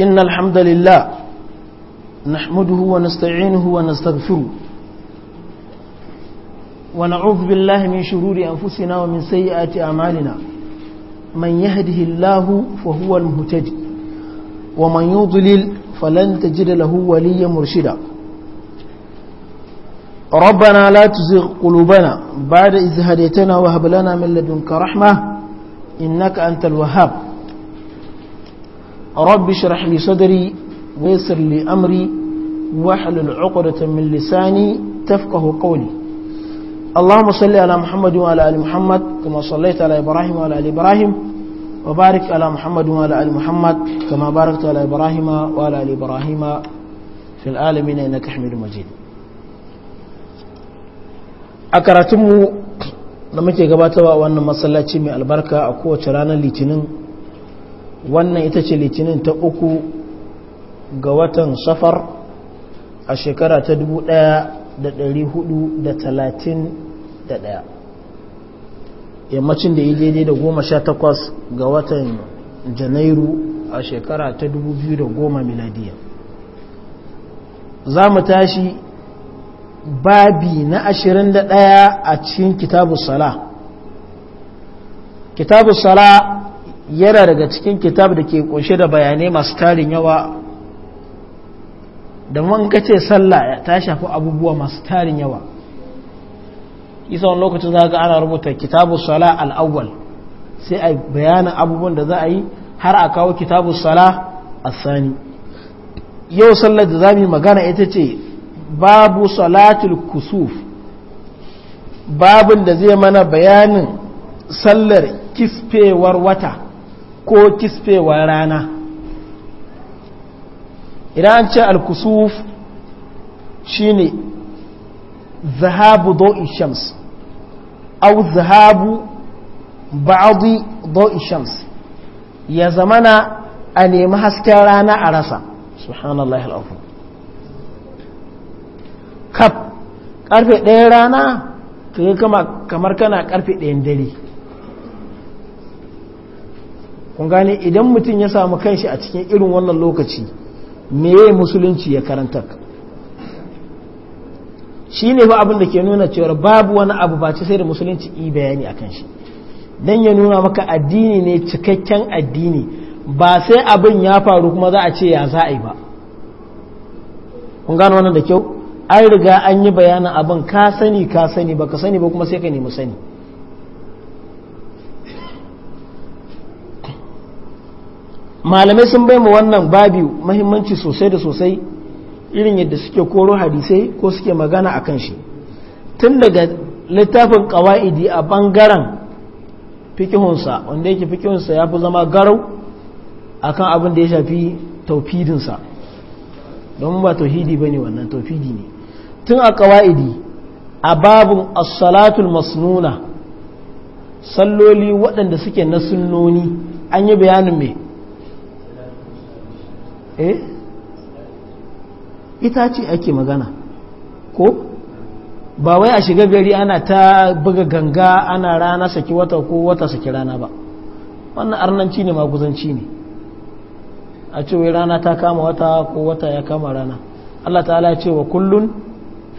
إن الحمد لله نحمده ونستعينه ونستغفره ونعوذ بالله من شرور أنفسنا ومن سيئات أعمالنا من يهده الله فهو المهتدي ومن يضلل فلن تجد له وليا مرشدا ربنا لا تزغ قلوبنا بعد إذ هديتنا وهب لنا من لدنك رحمة إنك أنت الوهاب rabbi shirah li sadari waisar li amri wahalar akwadatar min lisani tafkahu kawali allahu musalli ala muhammadu wa ala'ali muhammad kuma sallai ta ala wa ala'ali ibrahim wa ala muhammadu wa ala'ali muhammad kuma barik ta ala ibrahim wa ala'ali ibrahim fil alamin na kashmir majid a karatunmu da muke gabatarwa wannan masallaci mai albarka a kowace ranar litinin wannan ita ce litinin ta uku ga watan safar a shekara ta 1431 yammacin da ya daidai da goma sha takwas ga watan janairu a shekara ta 2010 miladiya za mu tashi babi na 21 a cikin kitabu sala kitabu sala yana daga cikin kitab da ke kunshe da bayanai masu tarin yawa da man kace sallah ta shafi abubuwa masu tarin yawa isa wani lokacin za ga ana rubuta kitabu sala al'awwal sai a bayanin abubuwan da za a yi har a kawo kitabu sala a Sani. yau sallar da za mu yi magana ita ce babu salatul kusuf babin da zai mana bayanin sallar kisfewar wata ko kisfewar rana idan an ce alkusuf ne zahabu do'in shams au zahabu ba'adi do'in shams ya zamana a nemi hasken rana a rasa subhanallah al'afu kaf karfe ɗaya rana ka yi kamar kana karfe ɗayan dare kun gane idan mutum ya samu kanshi a cikin irin wannan lokaci me musulunci ya karanta shi ne ba abin da ke nuna cewar babu wani abu ba ce sai da musulunci yi bayani a shi don ya nuna maka addini ne cikakken addini ba sai abin ya faru kuma za a ce ya za a yi ba kun gane wannan da kyau an riga an yi bayanin abin ka sani ka sani ba ka sani ba kuma sai ka nemi sani malamai sun bai mu wannan babi mahimmanci sosai da sosai irin yadda suke koro hadisai ko suke magana a kan shi tun daga littafin ƙawa'idi a bangaren fikihunsa wanda yake fikihunsa ya fi zama garau akan abin da ya shafi taufidinsa don ba tauhidi ba ne wannan taufidi ne tun a ƙawa'idi a babin assalatul masnuna salloli waɗanda suke na sunnoni an yi bayanin mai eh ita ce ake magana ko ba wai a shiga gari ana ta buga ganga ana rana saki wata ko wata saki rana ba wannan arnanci ne maguzanci ne a ce wai rana ta kama wata ko wata ya kama rana Allah ta'ala ya ce wa kullun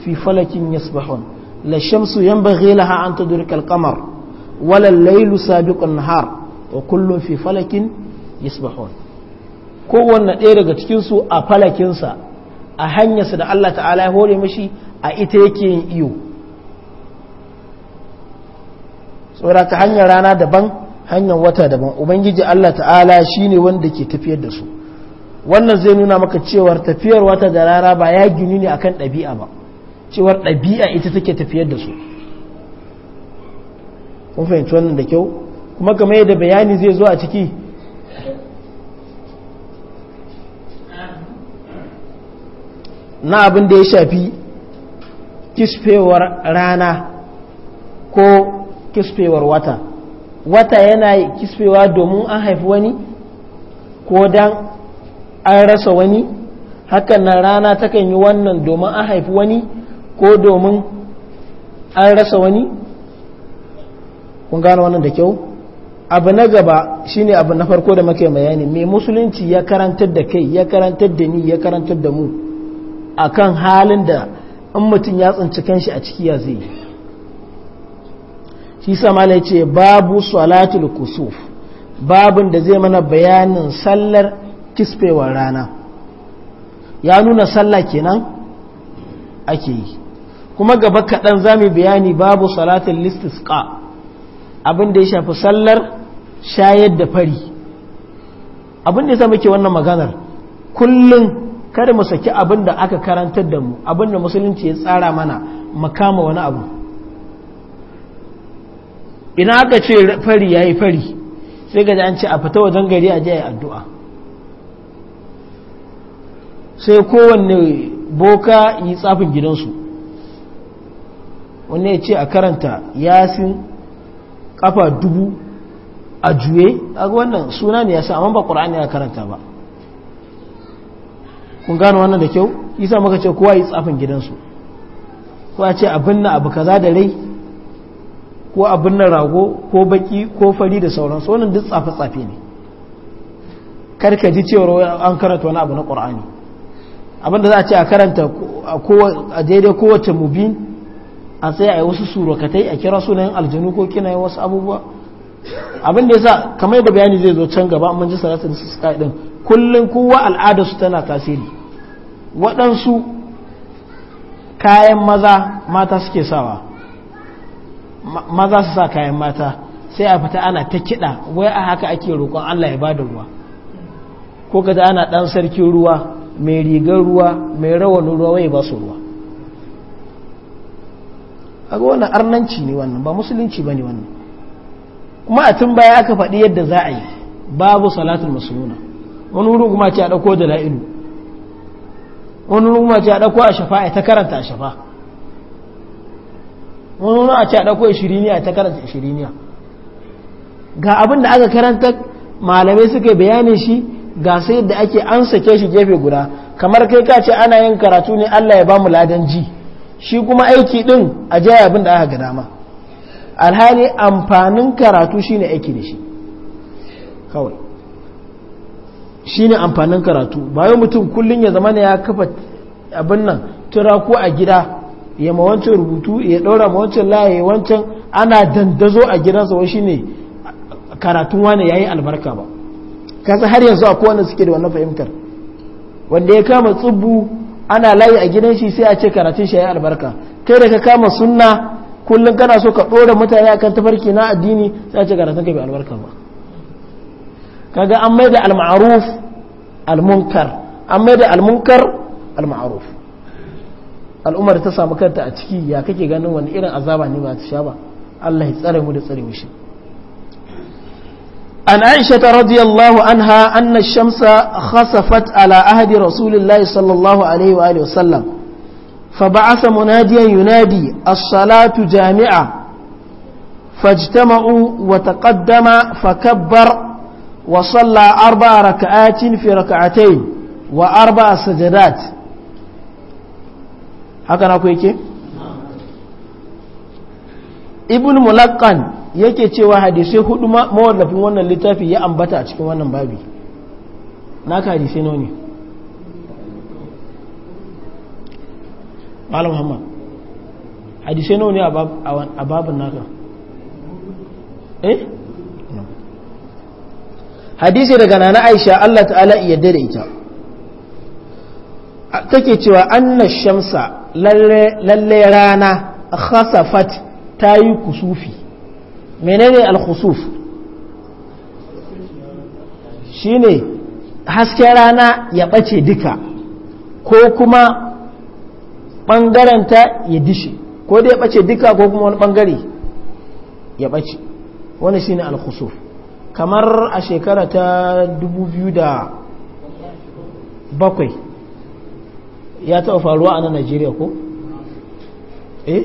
fi falakin yasbahun la shamsu yanbaghi laha an tudrika al-qamar wala al-laylu sabiqun nahar wa kullun fi falakin yasbahun kowanne ɗaya daga cikinsu a falakinsa a hanyarsa da Allah ta'ala ya hore mashi a ita yake yin iyo tsoraka hanyar rana daban hanyar wata daban ubangiji Allah ta'ala shi ne wanda ke tafiyar da su wannan zai nuna maka cewar tafiyar wata da rana ba ya gini ne akan ɗabi'a ba cewar ɗabi'a ita take tafiyar da su kun fahimci wannan da kyau kuma game da bayani zai zo a ciki na abin da ya shafi kisfewar rana ko kisfewar wata wata yana kisfewa domin an haifi wani ko dan an rasa wani hakan na rana takan yi wannan domin an haifi wani ko domin an rasa wani kun gano wannan da kyau abu na gaba shine abu na farko da muke bayani mai musulunci ya karantar da kai ya karantar da ni ya karantar da mu a kan halin da in mutum ya tsinci kanshi a ciki ya zai shi sama ne ce babu salatul kusuf babin da zai mana bayanin sallar kisfewar rana ya nuna sallah kenan ake yi kuma gaba kaɗan za mu bayani babu salatul listisqa abin da ya shafi sallar shayar da fari abin da ya zama ke wannan maganar kullum kada mu saki abin da aka karantar da mu abin da musulunci ya tsara mana makama wani abu ina aka ce fari ya yi fari sai gaji an ce a fita wajen gari a jiya addu'a sai kowanne boka yi tsafin gidansu wani ya ce a karanta yasin kafa dubu a juye a wannan suna ne ya sa amma ba ƙura'ani ya karanta ba kun gano wannan da kyau isa muka ce kowa yi tsafin gidansu ko a ce abin na abu kaza da rai ko abin na rago ko baki ko fari da sauransu wannan duk tsafe-tsafe ne karka ji cewar an karanta wani abu na ƙur'ani abin da za a ce a karanta a daidai kowace mubin a sai a yi wasu surukatai a kira sunayen aljanu ko kina yi wasu abubuwa abin da ya sa kamar da bayani zai zo can gaba mun ji salatin su sky din kullum kowa al'adarsu tana tasiri waɗansu kayan maza mata suke sawa maza su sa kayan mata sai a fita ana ta kiɗa wai a haka ake roƙon Allah ya bada ruwa ko kada ana ɗan sarkin ruwa mai rigar ruwa mai rawan ruwa wai ba su ruwa a ga wannan arnanci ne wannan ba musulunci ba ne wannan kuma a tun baya aka faɗi yadda za a yi babu salatul musuluna wani wurin kuma ce a ɗauko da la'inu wani wurin kuma ce a ɗauko a shafa a ta karanta a shafa wani wurin a ce a ɗauko shiriniya a ta karanta shiriniya ga abin da aka karanta malamai suka bayanin shi ga sai da ake an sake shi gefe guda kamar kai ka ce ana yin karatu ne Allah ya ba mu ladan ji shi kuma aiki din a jaya abin da aka ga dama alhali amfanin karatu shine aiki da shi kawai Shi ne amfanin karatu bayan mutum kullum ya zama ya kafa abin nan tura ko a gida ya ma rubutu ya ɗaura ma wancan laye wancan ana dandazo a gidansa wa shi ne karatun wani yi albarka ba kasa har yanzu a kowane suke da wannan fahimtar wanda ya kama tsubbu ana layi a gidan shi sai a ce karatun shi ya yi albarka kai da ka kama sunna kullum kana so ka ɗora mutane akan tafarki na addini sai a ce karatun ka bai albarka ba kaga an da al-ma'ruf al-munkar an maida al-munkar al-ma'ruf al'ummar ta samu kanta a ciki ya kake ganin wani irin azaba ne ba ta sha ba Allah ya tsare mu da tsare mishi an Aisha ta radiyallahu anha anna shamsa khasafat ala ahadi rasulillahi sallallahu alaihi wa alihi wasallam فبعث مناديا ينادي الصلاة جامعة فاجتمعوا وتقدم فكبر وصلى أربع ركعات في ركعتين وأربع سجدات هكذا كويك ابن ملقن yake cewa hadisai hudu mawallafin wannan littafi ya ambata a cikin wannan babi naka hadisai nawa ne malam muhammad hadisai nawa ne a babin naka eh hadisi daga nana aisha Allah ta'ala iya da ita take cewa anna shamsa lalle rana khasafat ta yi kusufi menene al-khusuf shine hasken rana ya ɓace duka ko kuma ɓangaranta ya dishe ko dai ya ɓace duka ko kuma wani ɓangare ya ɓace wani shine al-khusuf kamar a shekara ta da bakwai ya taɓa faruwa a nan najeriya ko? eh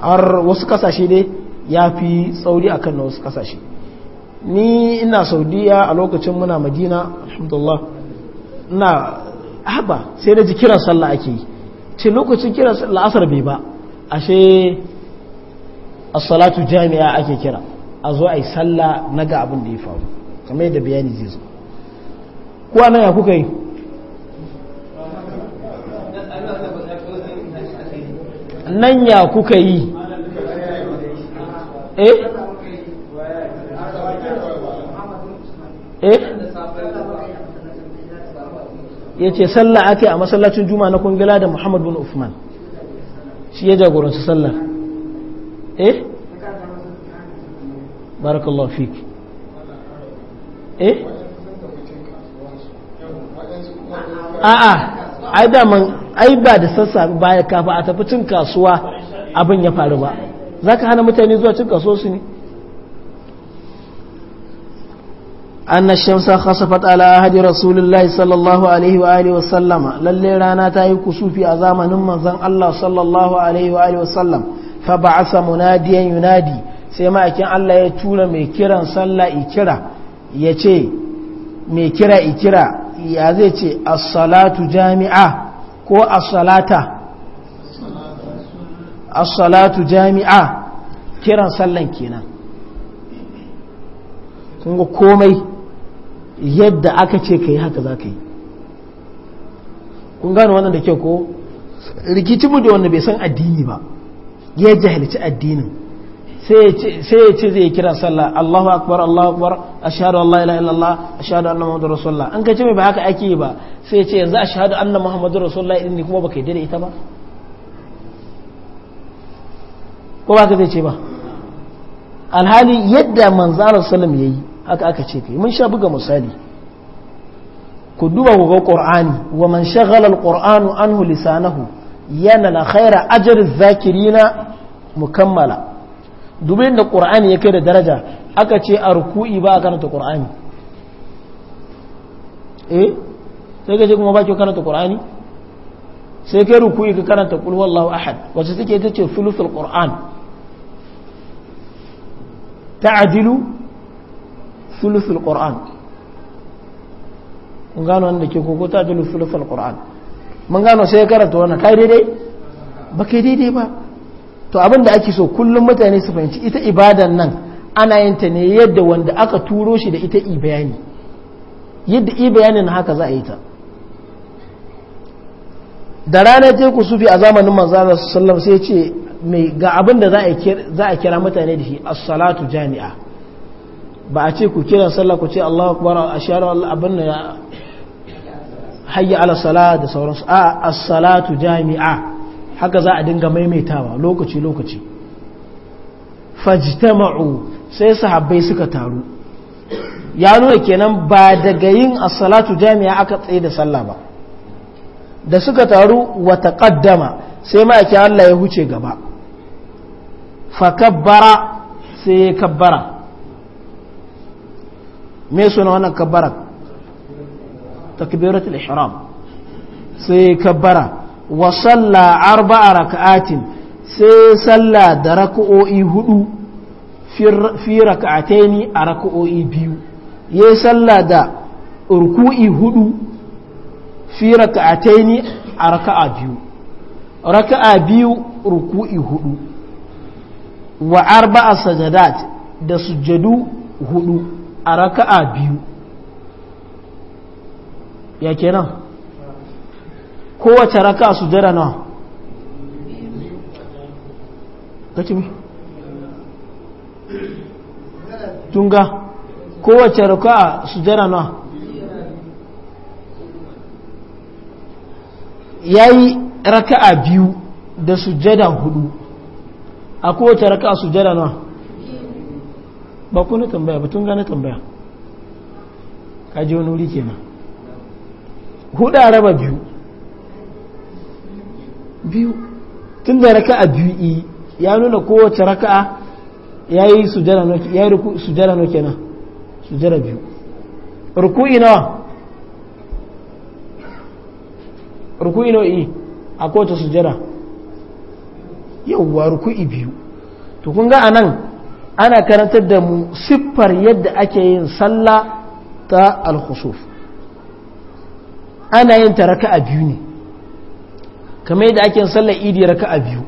har wasu kasashe dai ya fi tsauri a kan wasu kasashe ni ina saudiya a lokacin muna madina alhamdulillah na haba sai da ji kiran sallah ake yi ce lokacin kiran la'asar bai ba ashe as-salatu jami'a ake kira a zo a yi sallah na ga abin da ya faru kamar yadda bayani zai zo kuwa nan ya kuka yi nan ya kuka yi eh eh ya ce sallah ake a masallacin juma na kungila da Muhammadu bin Uthman shi ya jagoranci sallar eh barakallahu fiki eh a'a ai daman ai ba da sassafe baya kafa a tafi cin kasuwa abin ya faru ba za ka hana mutane zuwa cin kasuwa su ne an na shamsa khasafat ala ahadi rasulullahi sallallahu alaihi wa alihi wasallama lalle rana ta yi kusufi a zamanin manzon Allah sallallahu alaihi wa alihi wasallam fa ba'asa munadiyan yunadi sai ma'aikin Allah ya tura mai kiran sallah ikira ya ce mai kira ikira ya zai ce assalatu jami'a ko assalata assalatu jami'a kiran sallan kenan kunga komai yadda aka ce ka yi haka za ka yi kun gane wannan da ke ko rikici budi wanda bai san addini ba ya jahilci addinin sai ya ce zai kira sallah Allahu akbar Allahu akbar ashhadu an la ilaha illallah ashhadu anna muhammadur rasulullah an kace mai ba haka ake yi ba sai ya ce yanzu ashhadu anna muhammadur rasulullah din ne kuma baka yarda da ita ba ko ba ka zai ce ba alhali yadda manzara sallam yayi haka aka ce kai mun sha buga misali ku duba ku ga qur'ani wa man shaghala al-qur'anu anhu lisanahu yana la khaira ajri zakirina mukammala dubi da qur'ani ya kai da daraja aka ce a ruku'i ba a karanta qur'ani eh sai ka ce kuma ba ke karanta qur'ani sai kai ruku'i ka karanta ƙulwar lahu ahad wacce suke ta ce thuluthul qur'an adilu thuluthul qur'an mun gano wanda ke koko adilu thuluthul qur'an mun gano sai ya karanta wannan kai daidai ba kai daidai ba to abin da ake so kullum mutane su fahimci ita ibadan nan ana yin ta ne yadda wanda aka turo shi da ita i bayani yadda i na haka za a yi ta da ranar ce ku sufi a zamanin manzana sallam sai ce mai ga abin da za a kira mutane da shi as-salatu jami'a ba a ce ku kira sallah ku ce Allahu akbar ashhadu an abin da hayya ala salat da sauransu a as jami'a haka za a dinga maimaitawa lokaci lokaci fajtama'u sai sahabbai suka taru ya nuna kenan ba daga yin as-salatu jami'a aka tsaye da sallah ba da suka taru wa taqaddama sai ma'aikin Allah ya huce gaba fa kabbara sai ya kabbara me suna wannan kabbara takbiratul ihram sai ya kabbara wa salla arba'a raka'atin sai salla da raka'o'i hudu fi raka'ataini a raka'o'i biyu ya salla da urku'i hudu fi raka'ataini a raka'a biyu raka'a biyu ruku'i hudu wa arba'a sajadat da sujadu hudu a raka'a biyu ya kenan kowace raka su jira nawa kaci tunga kowace raka su jira nawa ya yi raka'a biyu da sujada hudu a kowace su sujada nawa ba ku na tambaya ba tunga na tambaya kaji wani wuri kenan hudu a raba biyu biyu tun da raka'a biyu ya nuna kowace raka'a ya yi sujara no na sujara biyu ruku'i nawa ruku'i nau'i a kowace sujara yauwa ruku'i biyu to kun ga anan ana karantar da mu siffar yadda ake yin sallah ta alkhusuf ana yin ta raka'a biyu ne kamar yadda ake sallar idi a biyu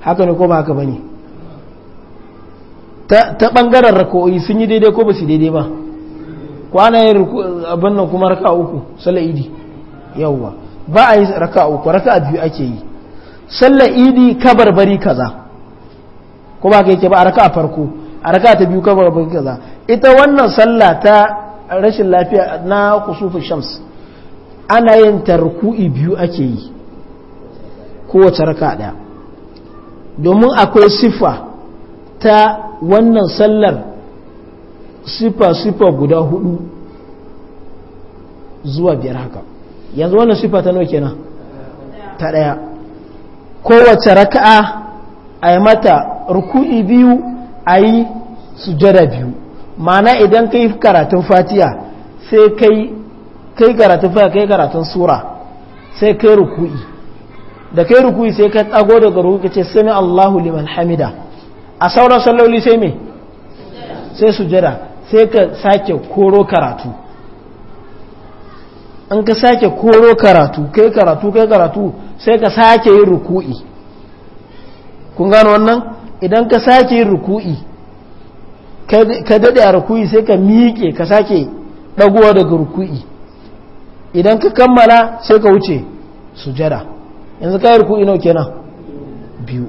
haka ne ko ba haka bane ta ta bangaren rako'i sun yi daidai ko ba su daidai ba kwana yin abin nan kuma raka uku sallar idi yawwa ba a yi raka uku raka a biyu ake yi sallar idi kabarbari kaza ko ba ka yake ba a raka a farko a raka ta biyu kabarbari kaza ita wannan sallah ta rashin lafiya na kusufin shams ana yin tarku'i biyu ake yi kowace raka ɗaya domin akwai sifa ta wannan sallar siffa-siffa guda hudu zuwa biyar haka yanzu wannan siffa ta nauke na ta ɗaya kowace raka'a a yi mata ruku'i biyu a yi sujada biyu mana idan ka yi karatun fatiya sai yi. kai karatun fa kai karatun sura sai kai ruku'i da kai ruku'i sai ka tsago daga ruku'i ce sami Allahu liman hamida a sauran salloli sai me sai sujada sai ka sake koro karatu an ka sake koro karatu kai karatu kai karatu sai ka sake yin ruku'i kun gano wannan idan ka sake yin ruku'i ka daɗe a ruku'i sai ka miƙe ka sake ɗagowa daga ruku'i idan ka kammala sai ka wuce sujada yanzu ka yi ruku'i nau kenan biyu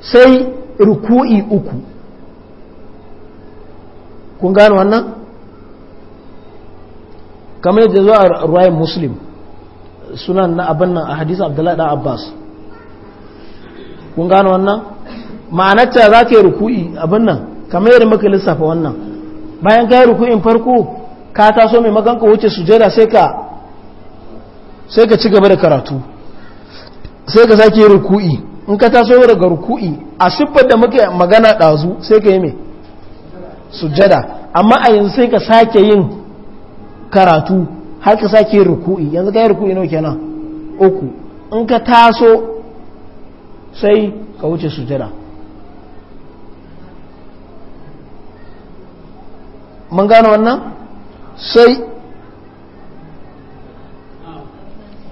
sai ruku'i uku kun gano wannan kamar yadda zuwa ruwayin muslim sunan na abin nan a hadisun abdullahi dan abbas kun gano wannan ma'anarta za ka yi ruku'i abin nan kamar yadda maka lissafa wannan bayan ka yi ruku'in farko ka taso mai maganka ka wuce sujada sai ka ci gaba da karatu sai ka sake ruku'i in ka taso daga ruku'i a siffar da muke magana ɗazu sai ka yi mai sujada amma a yanzu sai ka sake yin karatu har ka sake ruku'i yanzu ka yi ruku'i nau kenan uku in ka taso sai ka wuce sujada mun gano wannan sai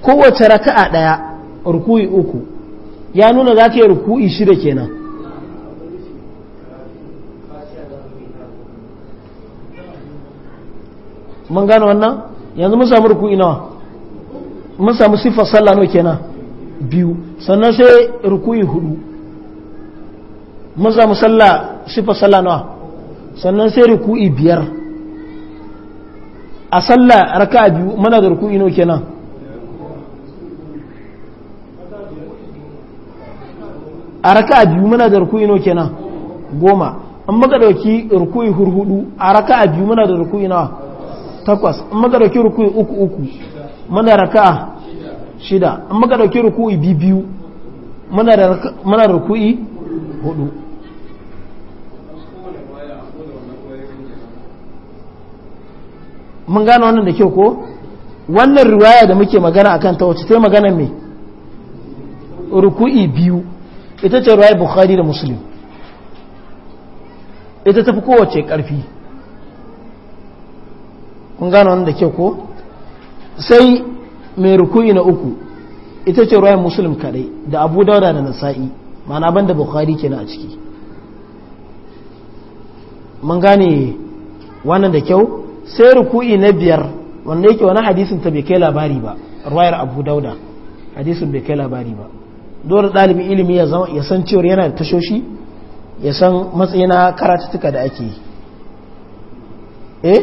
kowace raka'a ɗaya ruku'i uku ya nuna za ta yi ruku'i shida kenan mun gano wannan yanzu mun samu ruku'i nawa mun samu siffar sallah nawa kenan biyu sannan sai ruku'i hudu mun samu sallah siffar sallah nawa sannan sai ruku'i biyar a sallah raka biyu mana da ruku'i ino kenan a raka biyu mana da ruku'i ino kenan goma an maka dauki ruku'i hurhudu a raka biyu mana da ruku'i ino takwas an maka dauki ruku'i uku uku mana raka shida an maka dauki ruku'i biyu mana da ruku'i hudu mun gane wannan da kyau ko wannan riwaya da muke magana akan ta wacce ta magana me ruku'i biyu ita ce riwaya bukhari da muslim ita tafi kowace karfi kun gane wannan da kyau ko sai mai ruku'i na uku ita ce riwaya muslim kadai da abu dauda da nasa'i ma'ana banda bukhari kenan a ciki mun gane wannan da kyau sai ruku'i na biyar wanda yake wani hadisin ta bai kai labari ba ruwayar abu dauda hadisin bai kai labari ba dole ɗalibin ilimi ya zama san cewar yana da tashoshi ya san matsayi na karatuttuka da ake eh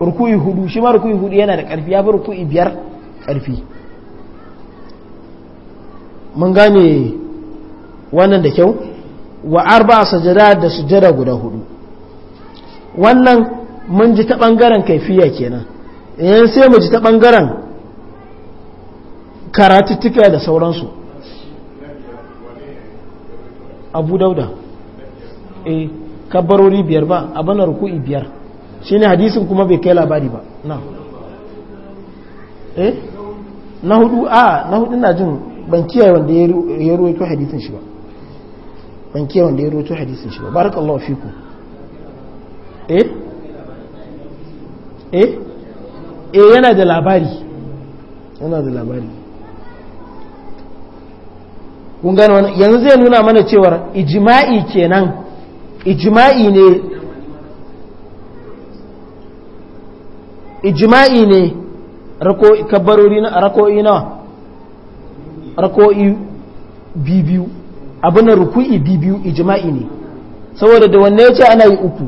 ruku'i hudu shi ma ruku'i hudu yana da ƙarfi ya fi ruku'i biyar ƙarfi mun gane wannan da kyau wa arba sajada da sujada guda hudu wannan mun ji ta ɓangaren kaifiya kenan yan sai mu ji ta ɓangaren karatuttuka da sauransu abu dauda eh kabbarori biyar ba abin ruku'i biyar shine hadisin kuma bai kai labari ba na eh na hudu a na hudu na jin ban kiyaye wanda ya ruwaito hadisin shi ba ban wanda ya ruwaito hadisin shi ba barakallahu fiku eh eh eh yana da labari yana da labari kun gano wani yanzu zai nuna mana cewar ijima'i kenan ijima'i ne ijima'i ne kabbarori na rako'i nawa rako'i bibiyu abin ruku'i bibiyu ijima'i ne saboda da wanne ya ce ana yi uku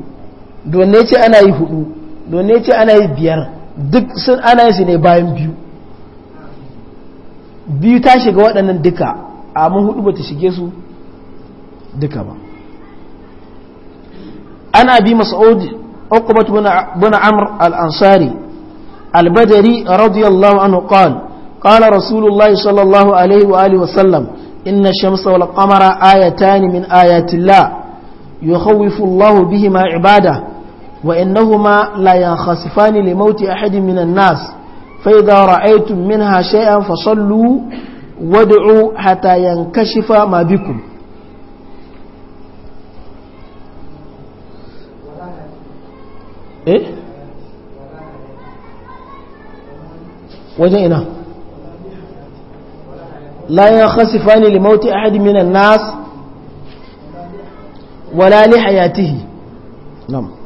da wanne ya ce ana yi hudu domin ce ana biyar duk sun ana ne bayan biyu biyu ta shiga waɗannan duka amma hudu ba ta shige su duka ba ana bi masaudi okubat buna amur al'ansari albadari radiyallahu anhu qal قال رسول الله صلى الله عليه وآله وسلم إن الشمس والقمر آيتان من آيات الله يخوف الله بهما عباده وإنهما لا ينخسفان لموت أحد من الناس فإذا رأيتم منها شيئا فصلوا وادعوا حتى ينكشف ما بكم إيه وجئنا لا ينخسفان لموت أحد من الناس ولا لحياته نعم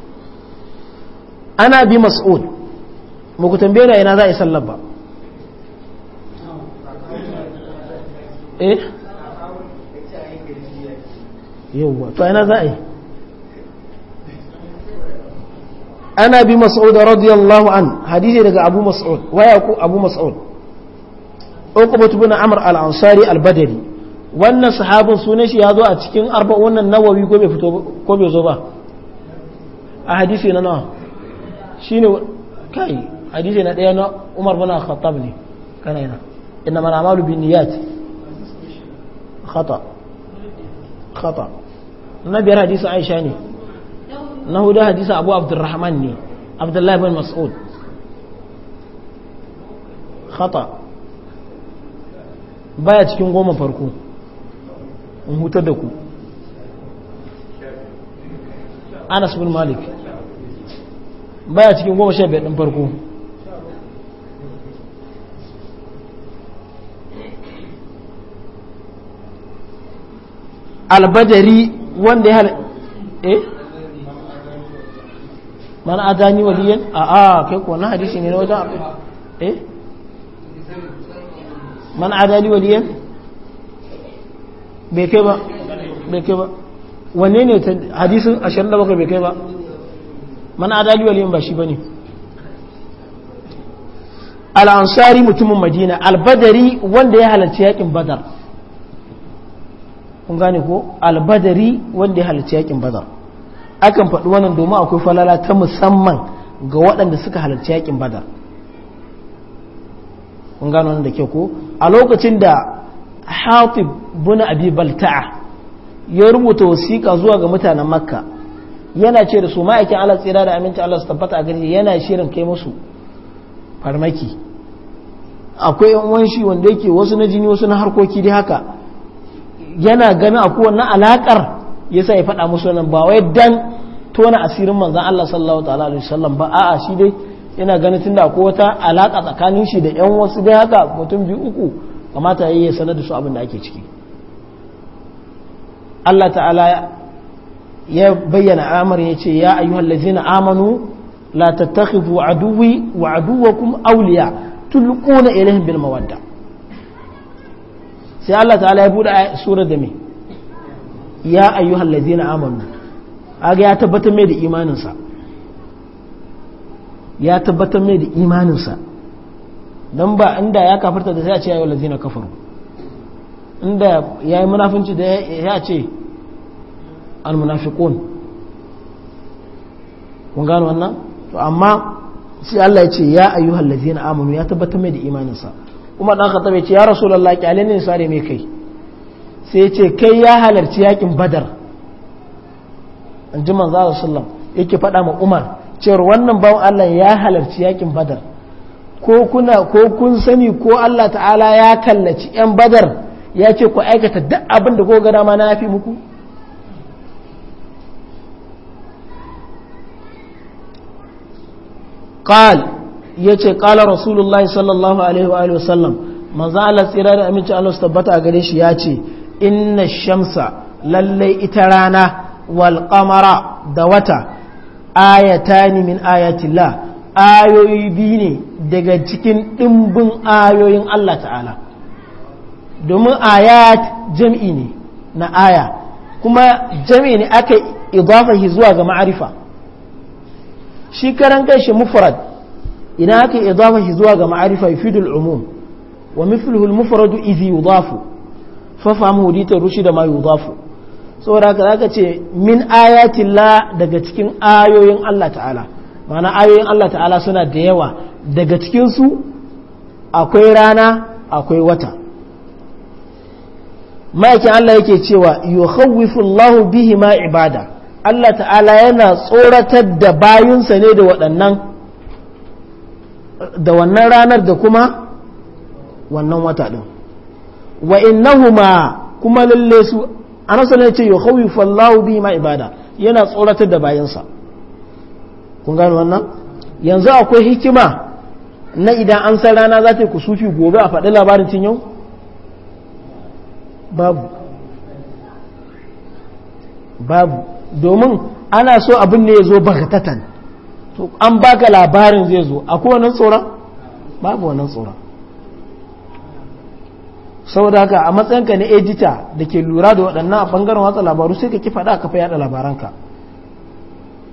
ana bi mas'ud ba ku tambaye na ina za a yi sallar ba eh yawwa to ina za a yi ana bi mas'ud radiyallahu an hadisi daga abu mas'ud waya ku abu mas'ud uqbatu bin amr al-ansari al-badri wannan sahabin sunan shi ya zo a cikin arba'un nan nawawi ko bai fito ko bai zo ba a hadisi na nawa shine kai hadisi na daya na Umar bin Khattab ne kana yana inna man amalu bin niyyat khata khata na biyar hadisi Aisha ne na hudu hadisi Abu Abdurrahman ne Abdullah bin Mas'ud khata baya cikin goma farko in hutar da ku Anas bin Malik baya cikin goma sha biyar ɗin farko albajari wanda ya eh mana waliyan a a kai hadisi ne na wajen abu eh mana waliyan bai kai ba bai kai ba ne bai kai ba mana adali waliyin ba shi bane al-ansari mutumin madina albadari badari wanda ya halarci yakin badar kun gane ko al wanda ya halarci yakin badar akan faɗi wannan domin akwai falala ta musamman ga waɗanda suka halarci yakin badar kun gane wannan da ke ko a lokacin da hatib buna abi balta'a ya rubuta wasiƙa zuwa ga mutanen makka yana ce da su ma'aikin Allah tsira da aminci Allah su tabbata a gari yana shirin kai musu farmaki akwai yan uwan shi wanda yake wasu na jini wasu na harkoki dai haka yana ganin akwai wannan alakar yasa ya faɗa musu nan ba wai dan tona asirin manzon Allah sallallahu ta'ala alaihi wasallam ba a'a shi dai yana ganin tunda akwai wata alaka tsakanin shi da yan wasu dai haka mutum biyu uku kamata yayi ya sanar da su abin da ake ciki Allah ta'ala ya bayyana amar ya ce ya ayyuhal ladzina amanu la tattakhidhu aduwi wa aduwakum awliya tulquna ilaihim bil mawadda sai Allah ta'ala ya bude sura da me ya ayyuhal ladzina amanu aga ya tabbatar mai da imaninsa ya tabbatar mai da imaninsa don ba inda ya kafarta da sai a ce ya yi wa lazina kafaru inda ya yi munafunci da ya ce almunafiqun kun gano wannan to amma sai Allah ya ce ya ayyuhal ladzina amanu ya tabbatar mai da imaninsa kuma dan khattab ya ce ya rasulullahi kyalen ne sare mai kai sai ya ce kai ya halarci yakin badar anji manzo Allah sallam yake faɗa ma Umar cewar wannan bawan Allah ya halarci yakin badar ko kuna ko kun sani ko Allah ta'ala ya kallaci yan badar ya ce ku aikata duk abin da ko ga dama na yafi muku qal yace qala rasulullahi sallallahu alaihi wa alihi wasallam manzo Allah tsira da aminci Allah tabbata a gare shi yace inna shamsa lalle ita rana wal qamara da wata ayatani min ayoyi biyu ne daga cikin dimbin ayoyin Allah ta'ala domin ayat jam'i ne na aya kuma jam'i ne aka idafahi zuwa ga ma'arifa shi karan kanshi mufrad ina haka idafa shi zuwa ga ma'arifa yufidul umum wa mithluhu al-mufradu idhi yudafu fa fahmu ditar rushida ma yudafu saboda haka zaka ce min ayati la daga cikin ayoyin Allah ta'ala ma'ana ayoyin Allah ta'ala suna da yawa daga cikin su akwai rana akwai wata ma'aikin Allah yake cewa yukhawwifu Allahu bihi ma ibada Allah ta'ala yana tsoratar da bayinsa ne da waɗannan da wannan ranar da kuma wannan wata ɗin wa innahuma kuma lalle su anasa ne ce yau fallahu bi ma ibada yana tsoratar da bayansa kun gano wannan yanzu akwai hikima na idan an san rana za ta yi kusufi gobe a faɗi labarin tun yau babu babu domin ana so abin ne ya zo bakatatan to an baka labarin zai zo akwai wannan tsoron babu wannan tsoron saboda haka a matsayinka na edita da ke lura da waɗannan a ɓangaren watsa labaru sai ka ki faɗa ka yaɗa labaranka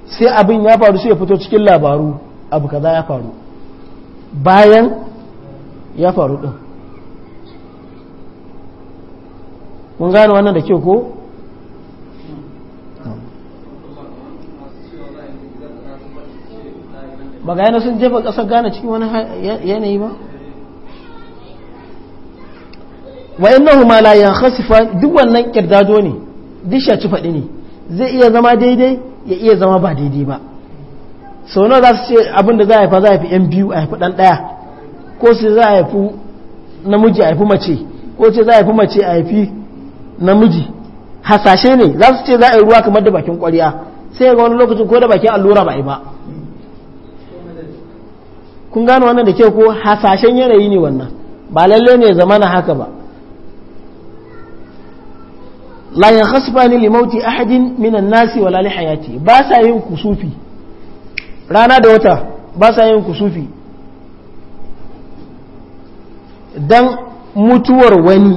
sai abin ya faru sai ya fito cikin labaru abu kaza ya faru bayan ya faru ɗin kun gane wannan da ke ko ba ga yana sun jefa ƙasar gane cikin wani yanayi ba wa innahu ma la duk wannan kirdado ne duk shaci faɗi ne zai iya zama daidai ya iya zama ba daidai ba sau nawa za su ce abin da za a haifa za a haifi yan biyu a haifi ɗan ɗaya ko su za a haifi namiji a haifi mace ko ce za a haifi mace a haifi namiji hasashe ne za su ce za a yi ruwa kamar da bakin kwariya sai ga wani lokacin ko da bakin allura ba a yi ba kun gano wannan da kyau ko hasashen yanayi ne wannan ba lalle ne na haka ba la ya khasbani li mauti ahadin minan nasi wala li hayati ba sa yin kusufi rana da wata ba sa yin kusufi dan mutuwar wani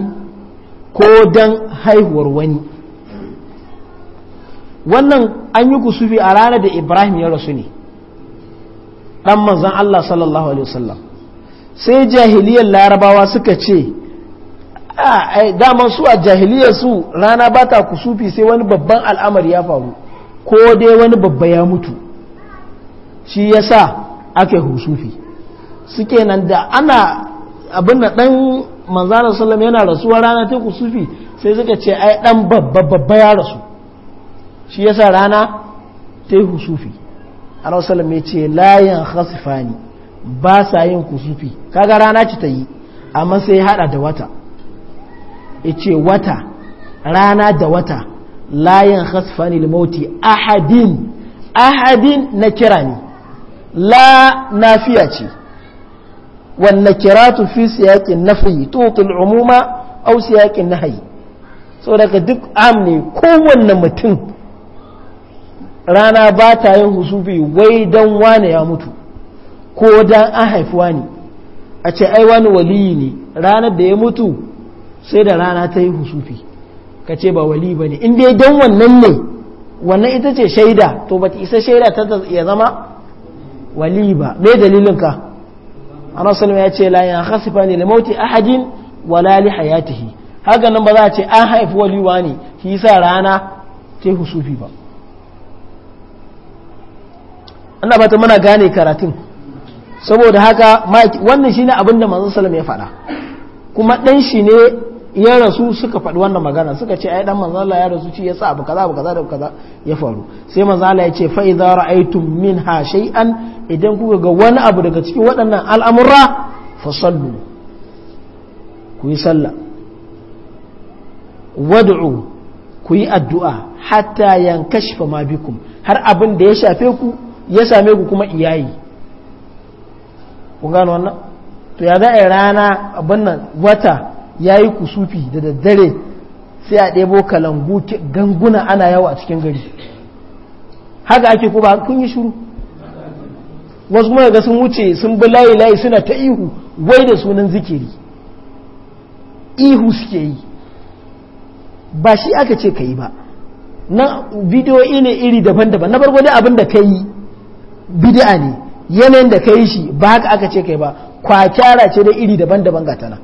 ko dan haihuwar wani wannan an yi kusufi a ranar da ibrahim ya rasu ne Ɗan manzan Allah sallallahu alaihi wasallam sai jahiliyar larabawa suka ce a daman su a jahiliyar su rana ba ta kusufi sai wani babban al'amari ya faru ko dai wani babba ya mutu shi ya sa ake husufi suke nan da ana abin da ɗan sallam yana rasuwa rana ta kusufi sai suka ce ai ɗan babba babba ya rasu shi ya sa rana ta yi husufi ana wasallam ya ce layan ne ba sa yin kusufi kaga rana ci ta yi amma sai ya hada da wata ya ce wata rana da wata layan ne limauti ahadin ahadin na kira ne la nafiya ce fi في naf'i النفي au العموم na سياق So daga duk am ne kowanne mutum rana ba ta yin husufi wai dan wane ya mutu ko dan an haifi wani a ce ai wani waliyi ne ranar da ya mutu sai da rana ta yi husufi ka ce ba wali ba ne inda dai dan wannan ne wannan ita ce shaida to ba ta isa shaida ta ya zama wali ba me dalilin ka a ya ce layan hasifa ne da mauti ahadin wala li hayatihi haka nan ba za a ce an haifi waliwa ne yi sa rana ta yi husufi ba ana ba ta muna gane karatun saboda haka wannan shine abin da manzon salam ya faɗa kuma ɗan shi ne ya rasu suka faɗi wannan magana suka ce ai dan manzon ya rasu ci sa abu kaza abu kaza abu kaza ya faru sai manzon Allah ya ce fa idza ra'aytum ha shay'an idan kuka ga wani abu daga cikin waɗannan al'amura fa sallu ku yi sallah wad'u ku yi addu'a hatta yankashifa ma bikum har abin da ya shafe ku ya same ku kuma iyayi ku gano wannan to ya za a rana abin nan wata ya yi kusufi da daddare sai a ɗebo kalangu ganguna ana yawa a cikin gari haka ake ku ba kun yi shuru wasu kuma ga sun wuce sun bi layi layi suna ta ihu wai da sunan zikiri ihu suke yi ba shi aka ce ka yi ba na bidiyo ne iri daban-daban na farko dai abin da ka yi bid'a ne yanayin da kai shi ba haka aka ce kai ba kwa kwakyara ce da iri daban-daban ga tana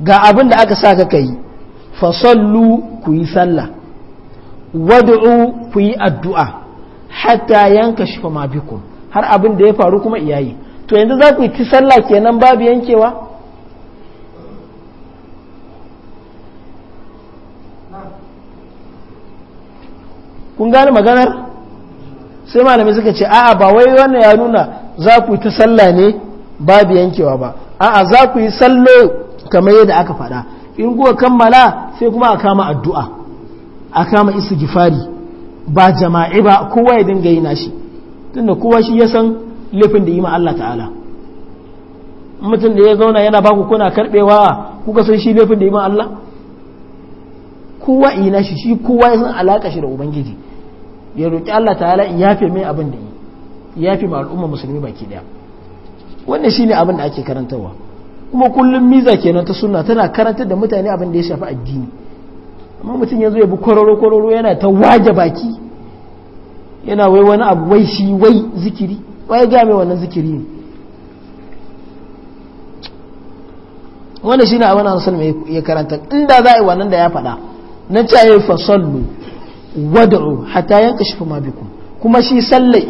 ga abin da aka sa ka kai fasallu ku yi sallah wad'u ku yi addu'a hatta yanka shi ma bikum har abin da ya faru kuma iyayi to yanzu za ku yi sallah kenan babu yankewa kun gane maganar sai malamai suka ce a'a ba wai wannan ya nuna za ku yi ta sallah ne babu yankewa ba a'a za ku yi sallo kamar yadda aka faɗa in kuka kammala sai kuma a kama addu'a a kama gifari ba jama'i ba kowa ya dinga yi nashi tunda kowa shi ya san laifin da yi ma Allah ta'ala mutum da ya zauna yana baku kuna karbewa kuka san shi laifin da yi ma Allah kowa yi nashi shi kowa ya san alaka shi da ubangiji ya roƙi Allah ta'ala ya yafe mai abin da yi ya yafe ma al'umma musulmi baki daya wannan shine abin da ake karantarwa kuma kullum miza kenan ta sunna tana karantar da mutane abin da ya shafi addini amma mutum ya zo ya bi kwararo kwararo yana ta waje baki yana wai wani abu wai shi wai zikiri wai ga mai wannan zikiri ne wannan shine abin da ya karanta inda za a yi wannan da ya faɗa na ce fa sallu wad'u hatta yankashifa ma bikum kuma shi sallai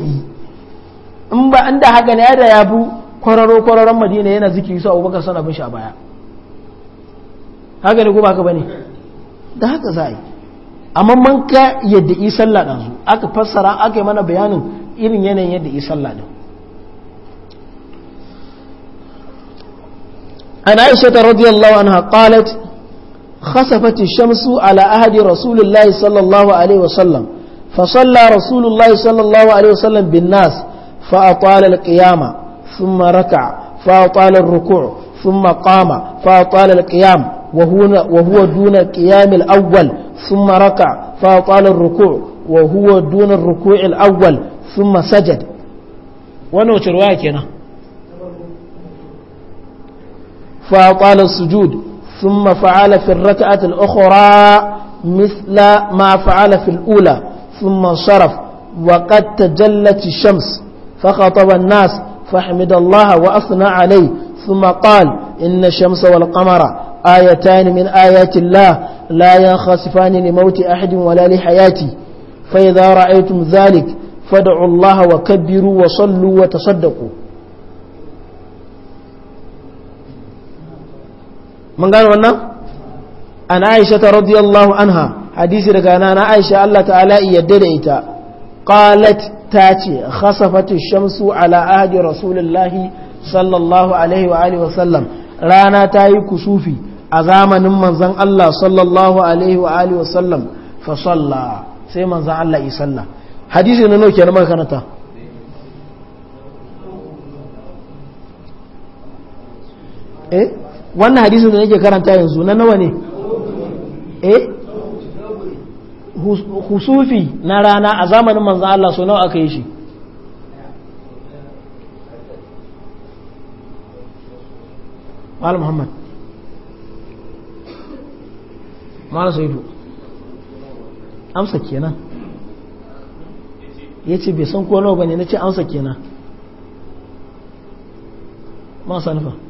in ba an da haka ne da ya bu kwararo kwararon madina yana zikiri su abubakar sana bin shi a baya haka ne ko ba haka bane da haka za a yi amma man ka yadda yi sallah su aka fassara aka yi mana bayanin irin yanayin yadda yi sallah ɗin an aisha radiyallahu anha qalat خسفت الشمس على عهد رسول الله صلى الله عليه وسلم فصلى رسول الله صلى الله عليه وسلم بالناس فأطال القيامة ثم ركع فأطال الركوع ثم قام فأطال القيام وهو, وهو دون القيام الأول ثم ركع فأطال الركوع وهو دون الركوع الأول ثم سجد ونوتر واكنا فأطال السجود ثم فعل في الركعة الأخرى مثل ما فعل في الأولى ثم انصرف وقد تجلت الشمس فخطب الناس فحمد الله وأثنى عليه ثم قال إن الشمس والقمر آيتان من آيات الله لا ينخسفان لموت أحد ولا لحياتي فإذا رأيتم ذلك فادعوا الله وكبروا وصلوا وتصدقوا mun gane wannan an aisha ta radiyallahu anha hadisi daga nana aisha Allah ta'ala yadda da ita qalat ta ce khasafatu shamsu ala ahdi rasulillahi sallallahu alaihi wa alihi wa sallam rana ta kusufi a zamanin manzon Allah sallallahu alaihi wa wa sallam fa salla sai manzon Allah yi salla hadisi na nawa makaranta wannan hadisun da nake karanta yanzu na nawa ne eh husufi na rana a zamanin manzo Allah so nawa aka yi shi Malam Muhammad Malam Saidu amsa kenan yace bai san ko nawa bane na ce amsa kenan ma sanfa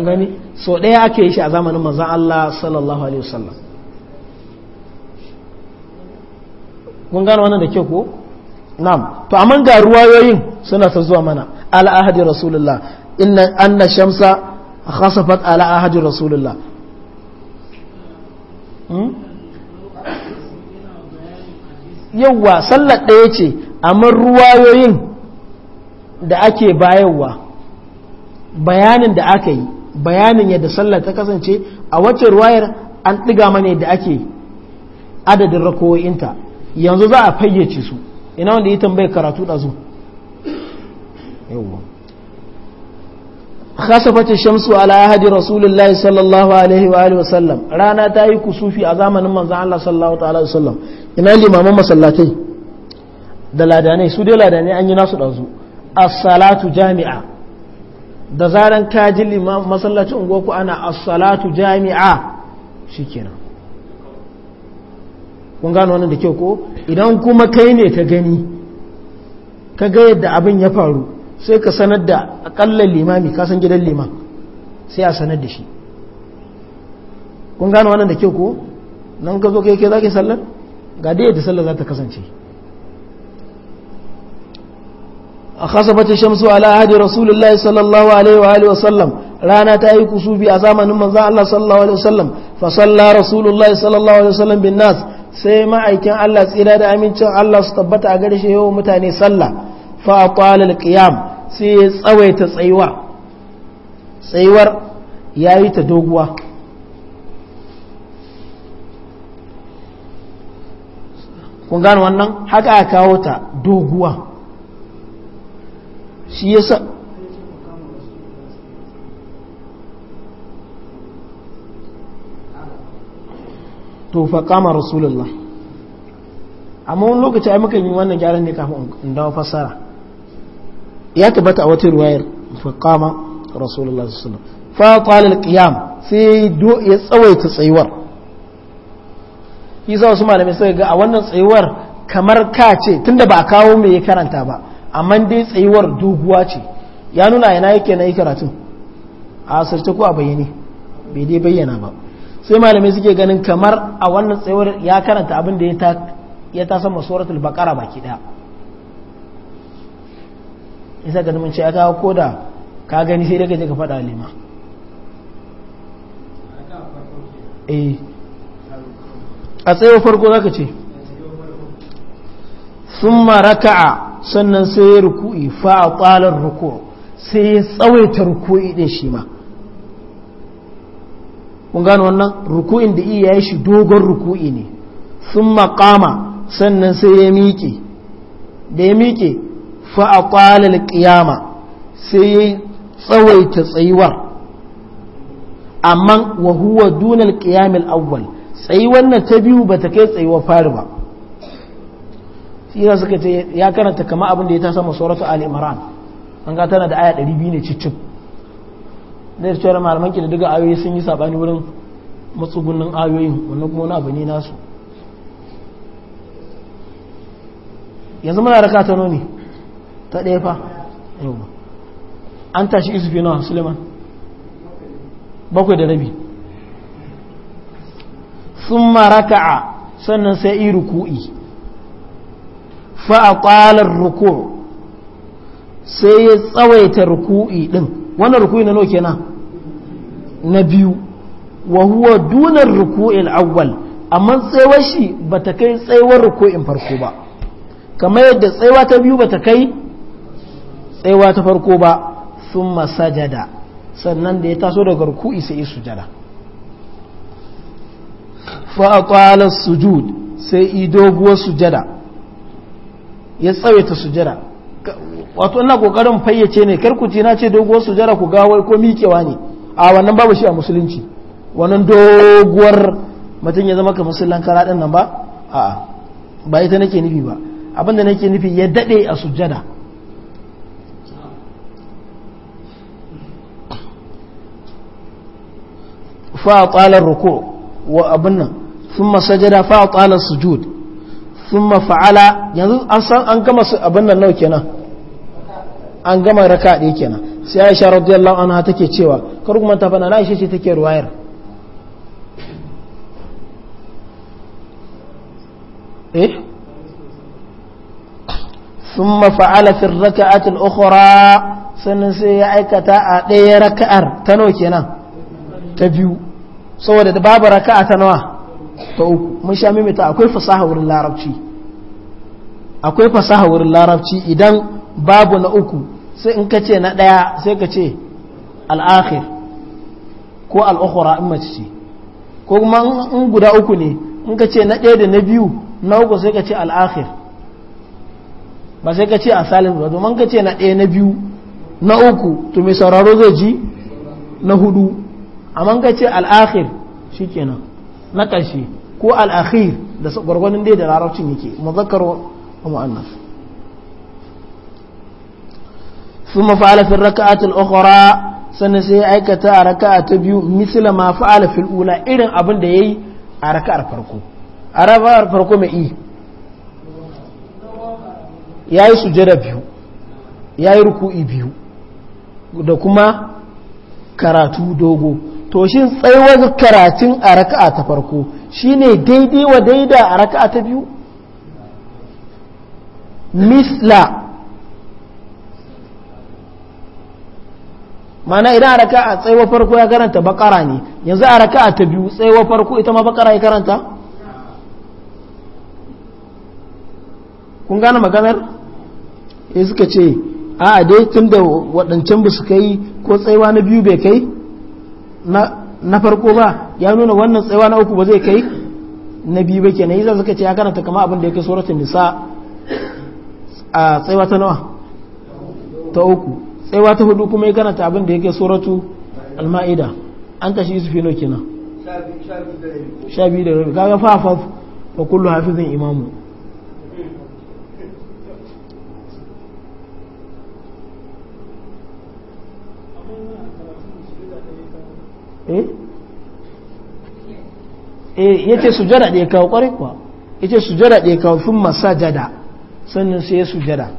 gani so ɗaya ake yi shi a zamanin manzan Allah sallallahu alaihi wasallam kun gano wannan da ke ko nam to amma ga ruwayoyin suna ta zuwa mana ala ahadi rasulullah inna anna shamsa khasafat ala ahadi rasulullah hmm? yawwa sallar ɗaya ce amma ruwayoyin da ake bayarwa bayanin da aka yi bayanin yadda sallar ta kasance a wacce ruwayar an ɗiga mana yadda ake adadin rakowoyinta yanzu za a fayyace su ina wanda yi tambayar karatu ɗazu khasafata shamsu ala ahadi rasulullahi sallallahu alaihi wa alihi wasallam rana ta yi kusufi a zamanin manzon Allah sallallahu ta'ala alaihi sallam. ina limaman masallatai da ladanai su dai ladanai an yi nasu ɗazu as-salatu jami'a da zaran ka masallacin unguwarku ana as-salatu jami'a shikenan kun gano wannan da kyau ko idan kuma kai ne ka gani ka ga yadda abin ya faru sai ka sanar da akalla limami ka san gidan liman sai a sanar da shi kun gano wannan da kyau ko nan ka zo kai ke zaki sallar ga dai yadda sallar za ta kasance خصبت الشمس على عهد رسول الله صلى الله عليه وآله وسلم رانا تأي كسوفي أزاما من ذا الله صلى الله عليه وسلم فصلى رسول الله صلى الله عليه وسلم بالناس سيما أي كان الله سئلا دا أمين الله استبت أقرش يوم متاني صلى فأطال القيام سي سويت سيوا سيور ياي تدوغوا kun gano wannan haka aka kawo ta doguwa shi yasa to fa rasulullah amma wani lokaci ai muka yi wannan gyaran ne kafin in dawo fassara ya tabbata a wata ruwayar fa rasulullah sallallahu fa qala al sai do ya tsawaita tsayuwar sa wasu malamai sai ga a wannan tsayuwar kamar ka ce tunda ba a kawo mai ya karanta ba amma dai tsayuwar doguwa ce ya nuna yana yake na yi karatun a sarta ko a bayyane bai dai bayyana ba sai malamai suke ganin kamar a wannan tsayuwar ya karanta abin da ya ta san masu suratul baqara baki daya isa ga mun ya kawo ko da ka gani sai daga jika ka lima eh. a tsayuwar farko zaka ce summa raka'a sannan sai ya ruku'i fa a tsalar ruku'u sai ya tsawaita ruku'i ɗin shi ma kun gano wannan ruku'in da iya shi dogon ruku'i ne sun maƙama sannan sai ya miƙe da ya miƙe fa a tsalar ƙiyama sai ya tsawaita tsayuwar amma wa dunar dunal ƙiyamil awwal tsayuwar na ta biyu ba ta kai tsayuwar fari ba tsira suka ce ya karanta kama abin da ya tasa mu suratu ali an ga tana da aya 200 ne cicip da cewa malaman da duka ayoyi sun yi sabani wurin matsugunan ayoyin wannan kuma wani abu ne nasu yanzu muna raka ta noni ta ɗaya fa an tashi isufi na suleiman bakwai da rabi sun mara ka'a sannan sai iri ku'i sai فأطال الركوع سيتويت ركوعي دن وانا na na biyu نبيو وهو دون ruku'i awal amma tsayawar shi ba ta kai tsayawar ruku'in farko ba kamar yadda tsayawa ta biyu ba ta kai tsayawa ta farko ba sun sajada sannan da ya taso daga ruku'i sai yi sujada fa'aƙwalar sujud sai yi doguwar sujada ya ta sujada wato ina kokarin fayyace ne karkuci na ce doguwar sujada ku gawai ko mikewa ne a wannan babu shi a musulunci wannan doguwar mutum ya zama ka musulun kara din nan ba a'a ba ita nake nufi ba abinda nake nufi ya dade a sujada fa qala ruku' wa nan sun sajada fa tsalar sujud sun mafa'ala yanzu an san an gama su abin nan nau kenan an gama raka ɗi kenan sai aisha yallon ana take cewa kar kuma ta fana aisha ce take ruwayar eh sun mafa'ala fi raka'at al-ukhra sannan sai ya aikata a ɗaya raka'ar ta nau kenan ta biyu saboda babu raka'a ta nawa ta uku mun sha mimita akwai fasaha wurin larabci akwai fasaha wurin larabci idan babu na uku sai in ka ce na ɗaya sai ka ce al'akhir ko al'ukhura in mace ce ko kuma in guda uku ne in ka ce na ɗaya da na biyu na uku sai ka ce al'akhir ba sai ka ce a salim ba domin ka ce na ɗaya na biyu na uku to mai sauraro zai ji na hudu amma ka ce al'akhir shikenan na ƙarshe ko al'akhir da gwargwanin dai da larabcin yake mazakar wa mu'annas su mafa'ala fil raka'atul ukhra sannan sai ya aikata a raka'a ta biyu misla ma fa'ala fil ula irin abin da yayi a raka'ar farko a raka'ar farko mai yi yayi sujada biyu yayi ruku'i biyu da kuma karatu dogo to shi tsayuwar karatun a raka'a ta farko shine daidai wa daida a raka'a ta biyu misla mana idan a raka'a tsayuwar farko ya karanta bakara ne yanzu a raka'a ta biyu tsayuwar farko ita ma bakara ya karanta kun gane maganar ya eh, suka ce a dai tun da waɗancan ba su kai ko tsayuwa na biyu bai kai na farko ba ya nuna wannan tsawa na uku ba zai kai na biyu ba ke yi yasa suka ce ya karanta kama abin da ya kai suratul nisa a tsawa ta nawa ta uku tsawa ta hudu kuma ya karanta abin da kai suratu al-ma'ida an kashi yusufi yana kenan sha biyu da rabi kaga fa wa kullu hafizin imamu eh, eh ce sujada da ɗaya kawo ƙwarai kuwa ce sujada da ɗaya kawo sun jada sannan sai ya jada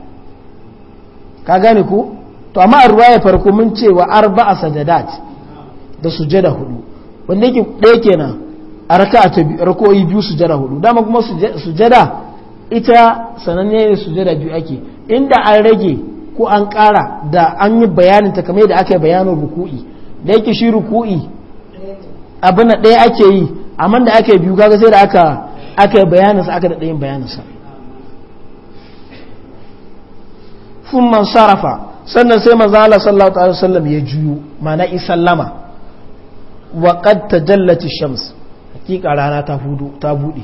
ka gane ku to amma a ya farko mun ce wa arba'a sajadat da sujada hudu wanda yake ɗaya kenan a raka'a a rakoyi biyu sujada hudu dama kuma sujada ita sananne ne sujada biyu ake inda an rage ko an ƙara da an yi bayanin ta kamar da aka yi bayanin ruku'i da yake shi ruku'i abin da ɗaya ake yi amma da ake biyu kaga sai da aka aka yi bayaninsa aka da ɗayan bayaninsa sun man sarrafa sannan sai manzo Allah sallallahu alaihi sallam ya juyo mana isallama wa qad tajallati shams hakika rana ta hudu ta bude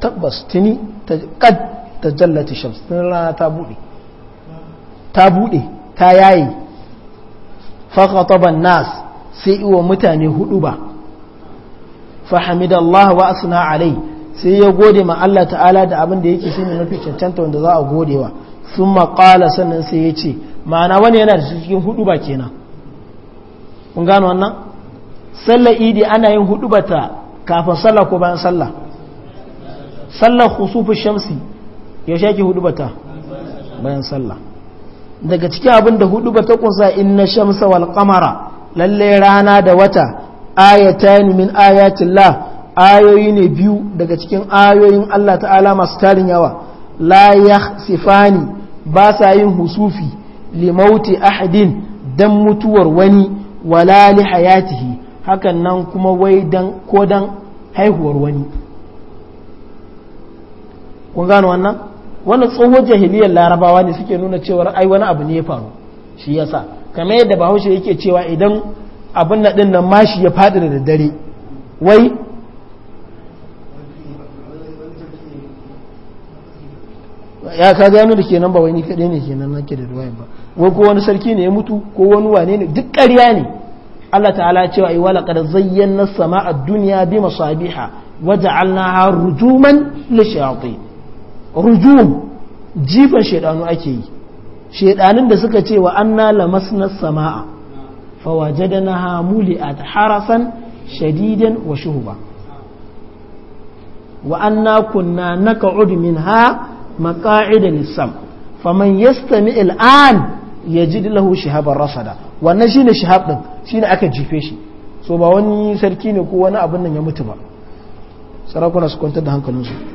tabbas tuni qad tajallati shams tuni rana ta bude ta bude ta yayi fa khataba nas sai iwa mutane hudu ba fahamidallah wa asna alai sai ya gode ma Allah ta'ala da abin da yake shi ne mafi cancanta wanda za a gode wa sun maƙala sannan sai ya ce ma'ana wani yana da cikin hudu ba kenan kun gano wannan sallar idi ana yin hudu ta kafin sallar ko bayan sallah sallar husufu shamsi yaushe ake hudu ta bayan sallah daga cikin abin da hudu ta kusa inna shamsa wal qamara lalle rana da wata ayatani min ayatillah ayoyi ne biyu daga cikin ayoyin Allah ta'ala masu tarin yawa la ba sa yin husufi limauti ahadin dan mutuwar wani wala li hayatihi hakan nan kuma wai dan ko dan haihuwar wani kun gano wannan wannan tsohon jahiliyyar larabawa ne suke nuna cewa ai wani abu ne ya faru shi yasa kamar yadda bahaushe yake cewa idan abin naɗin nan mashi ya faɗi da daddare wai ya ka gano da ke nan ba wai ni kaɗai ne kenan nake da ruwayan ba wai ko wani sarki ne ya mutu ko wani wane ne duk ƙarya ne Allah ta'ala cewa ai wala qad zayyana a dunya bi masabiha wa ja'alnaha rujuman lishayatin rujum jifan shaydanu ake yi shedanin da suka ce wa anna lamasna sama'a fawajadnaha muli'at harasan shadidan wa shuhuba wa anna kunna naq'ud minha maqa'ida lis fa faman yastami' al-an yajid lahu shihaban rasada wannan shine shihab din shine aka jife shi so ba wani sarki ne ko wani abin nan ya mutu ba sarakuna su kwantar da hankalinsu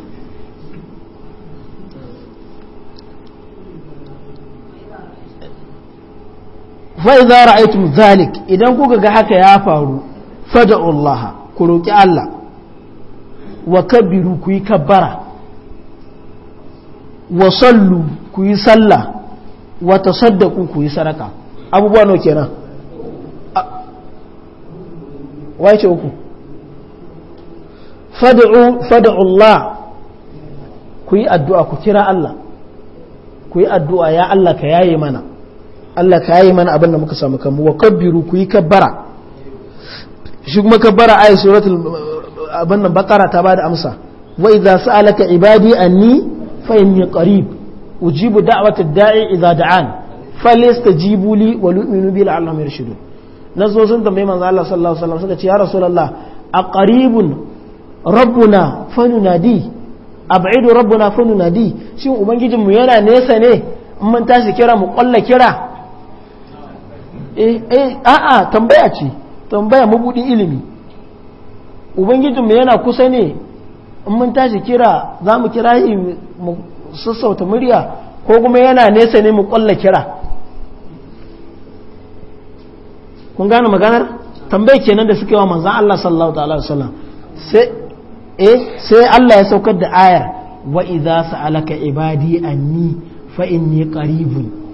fa idza ra'aytum zalik idan kuka ga haka ya faru fad'u Allah ku roki Allah wa kabiru ku yi kabbara wa sallu ku yi sallah wa tasaddaqu ku yi sadaka abubuwa nawa kenan wai ce uku fad'u fad'u Allah ku yi addu'a ku kira Allah ku yi addu'a ya Allah ka yaye mana Allah ka yi mana abin da muka samu kanmu wa kabbiru ku yi kabbara shi kuma kabbara ayi suratul abin nan bakara ta ba da amsa wa idza sa'alaka ibadi anni fa inni qarib ujibu da'wata da'i idza da'an falyastajibu li wa yu'minu bi la'allahum yarshudun zo sun tambaye manzo Allah sallallahu alaihi wasallam suka ce ya rasulullah aqaribun rabbuna fa nunadi ab'idu rabbuna fa nunadi shin ubangijinmu yana nesa ne in mun tashi kira mu kwalla kira a eh, a eh, a'a tambaya ce tambaya mabudin ilimi ubangijinmu yana kusa ne in mun tashi kira za mu kira yi mu sassauta murya ko kuma yana nesa ne mu kwalla kira kun gane maganar tambayi kenan da suka wa manzan Allah sallallahu ta'ala wasallam sai eh, sai Allah ya saukar da ayar wa idza sa'alaka ibadi anni fa inni qaribun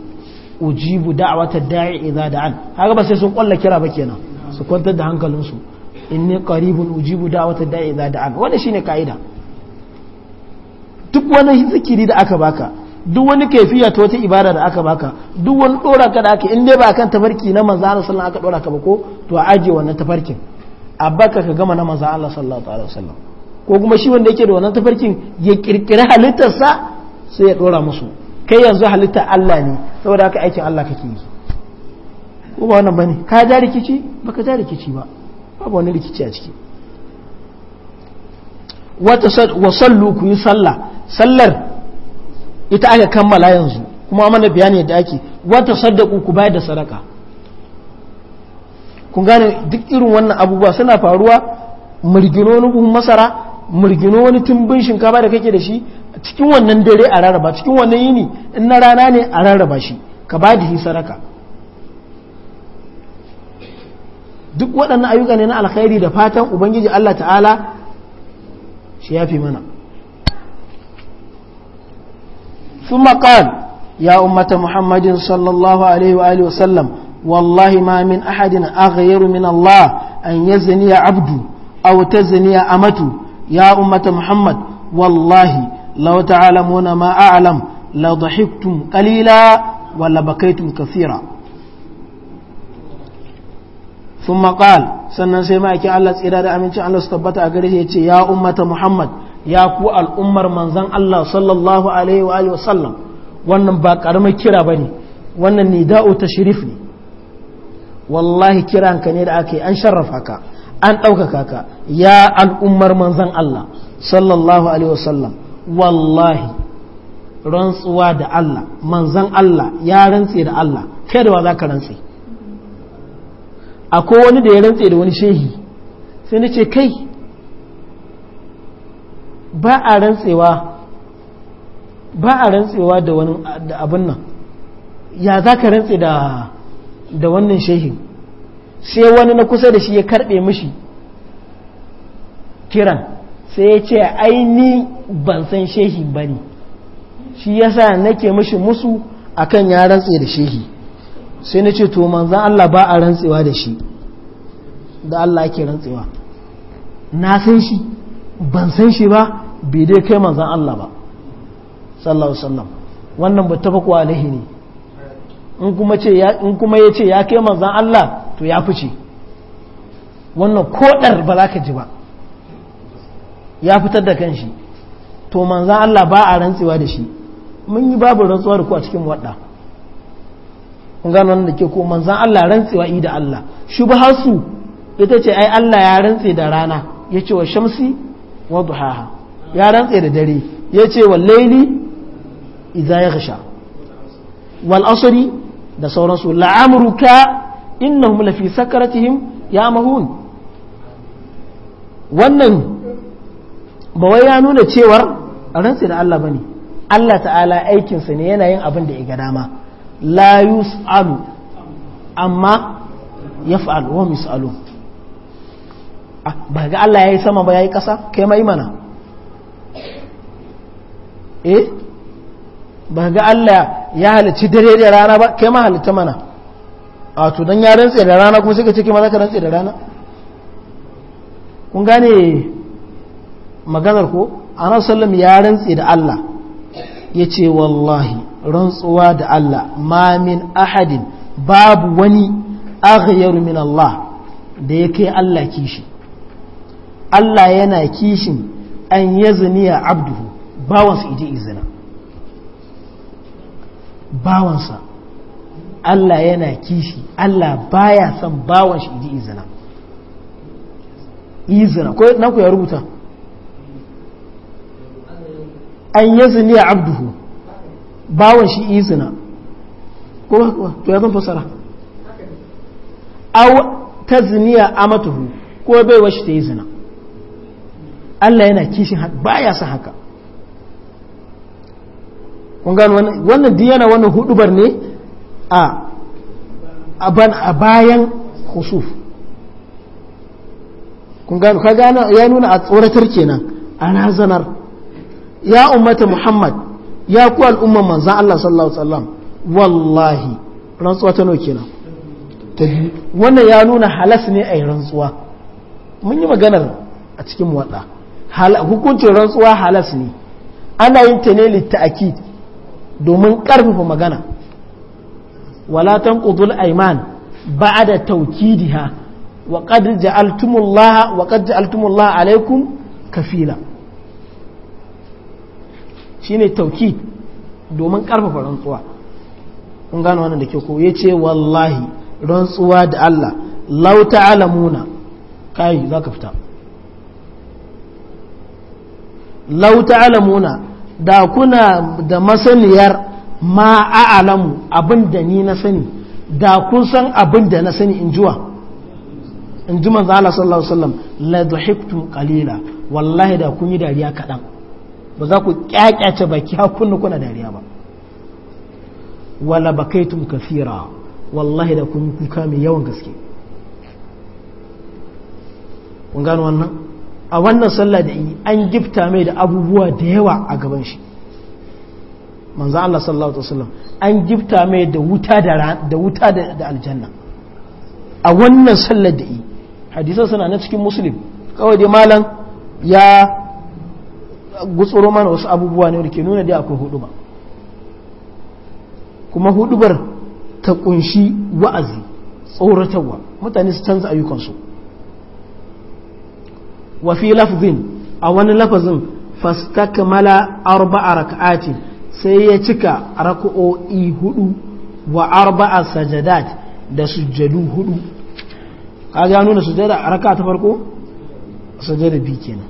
ujibu da'wata da'i idza da'an haka ba sai sun kwalla kira ba kenan su kwantar da hankalinsu inni qaribun ujibu da'wata da'i idza da'an wannan shine kaida duk wani zikiri da aka baka duk wani kaifiya ta wata ibada da aka baka duk wani dora ka da aka in dai ba kan tafarki na manzo Allah sallallahu aka dora ka ba ko to a aje wannan tafarkin a baka ka gama na manzo Allah sallallahu alaihi wasallam ko kuma shi wanda yake da wannan tafarkin ya kirkira halittarsa sai ya dora musu kai yanzu halitta Allah ne saboda haka aikin Allah kake yi ko ba wannan bane ka ja rikici baka ja rikici ba babu wani rikici a ciki wata sallu ku yi sallah sallar ita aka kammala yanzu kuma mana bayani da ake wata saddaku ku bayar da sadaka kun gane duk irin wannan abubuwa suna faruwa murgino wani masara murgino wani tumbin shinkafa da kake da shi cikin wannan dare a rarraba cikin wannan yini in na rana ne a rarraba shi ka ba da sadaka duk waɗannan ayyuka ne na alkhairi da fatan ubangiji Allah ta'ala shi ya fi mana sun makar ya ummata muhammadin sallallahu alaihi wa sallam wallahi ma min ahadin aghayru min Allah an yazni abdu aw tazni amatu ya ummata muhammad wallahi لو تعلمون ما أعلم لضحكتم قليلا ولا بكيتم كثيرا ثم قال sannan sai ma'aikin Allah tsira da amincin Allah su tabbata a gare shi ya ce ya ummata Muhammad ya ku al'ummar manzan Allah sallallahu alaihi wa alihi wannan ba karamar kira bane wannan nida'u tashrif ne wallahi ka ne da aka yi an sharrafa ka an ɗaukaka ka ya al'ummar manzan Allah sallallahu alaihi sallam. wallahi rantsuwa da Allah manzan Allah ya rantse da Allah kai da wa za ka rantse akwai wani da ya rantse da wani shehi sai na ce kai ba a rantsewa ba a rantsewa da wani abin nan ya za ka rantse da da wannan shehin sai wani na kusa da shi ya karbe mishi kiran sai ya ce aini ban san shehi ba ne shi ya yasa nake mashi musu akan ya rantse da shehi sai na ce to manzan Allah ba a rantsewa da shi da Allah ke rantsewa na san shi ban san shi ba bai dai kai manzan Allah ba sallallahu sallam wannan ba kuwa alihi ne in kuma ya ce ya kai manzan Allah to ya fice wannan kodar ba za ka ji ba ya fitar da kanshi to manzan Allah ba a rantsewa da shi mun yi babu rantsuwa da ku a cikin wadda kun gano wannan da ke ko manzan Allah rantsewa i da Allah shubhasu ita ce ai Allah ya rantse da rana ya ce wa shamsi wa duhaha ya rantse da dare ya ce wa laili idza yaghsha wal asri da sauransu la'amruka innahum lafi sakaratihim ya mahun wannan ba wai ya nuna cewar a sai da Allah bane Allah ta'ala aikinsa ne yana yin abin da ya ga dama la yus'alu amma yaf'al wa mis'alu ba ga Allah yayi sama ba yayi kasa kai mai mana eh ba ga Allah ya halicci dare da rana ba kai ma halitta mana a to dan ya sai da rana kuma sai ka ce kai ma zaka rantsi da rana kun gane maganar ko ana ya rantse da Allah ya ce wallahi rantsuwa da Allah ma min ahadin babu wani aghyaru min Allah da ya kai Allah kishi Allah yana kishin an yazniya abduhu bawansa iji izina bawansa Allah yana kishi Allah baya son bawan iji izina izina ko na ku ya rubuta an a abduhu bawan shi izina ko ba to ya zan fasara aw tazniya amatuhu ko bai washi ta yi zina Allah yana kishin haka baya sa haka kun gano wannan diyana yana wannan hudubar ne a a bayan khusuf kun gano ka gano ya nuna a tsoratar kenan ana zanar. ya ummata muhammad ya ku al'umman manzan Allah sallallahu alaihi wasallam wallahi rantsuwa ta nawa na ta biyu wannan ya nuna halas ne a yi rantsuwa mun yi maganar a cikin muwadda hukuncin rantsuwa halas ne ana yin ta ne litta'akid domin karfafa magana wala tanqudul ayman ba'da tawkidiha wa qad ja'altumullaha wa qad ja'altumullaha alaykum kafila shi ne tauki domin karfafa rantsuwa kun gano wannan da ke ko ya ce wallahi rantsuwa da Allah lauta alamuna kai za ka fita lauta alamuna da kuna da masaniyar ma alamu abin da ni na sani da kun san abin da na sani in jiwa in ji manzala sallallahu alaihi sallam la wallahi da kun yi dariya kaɗan. ba za ku kyakyace baki hakunna kuna dariya ba wala bakaitum kafira wallahi da kun kuka mai yawan gaske kun gano wannan a wannan sallah da yi an gifta mai da abubuwa da yawa a gaban shi manzo Allah sallallahu alaihi wasallam an gifta mai da wuta da da wuta da aljanna a wannan sallar da yi hadisan suna na cikin muslim kawai dai malam ya gutsuro mana wasu abubuwa ne ke nuna dai akwai huduba kuma hudubar ta kunshi wa'azi tsoratarwa mutane su canza ayyukansu wa fi a wani lafazin fastakmala arba'a raka'ati sai ya cika raka'oi hudu wa arba'a sajadat da sujjadu hudu kaga nuna sujjada raka ta farko sujjada biyu kenan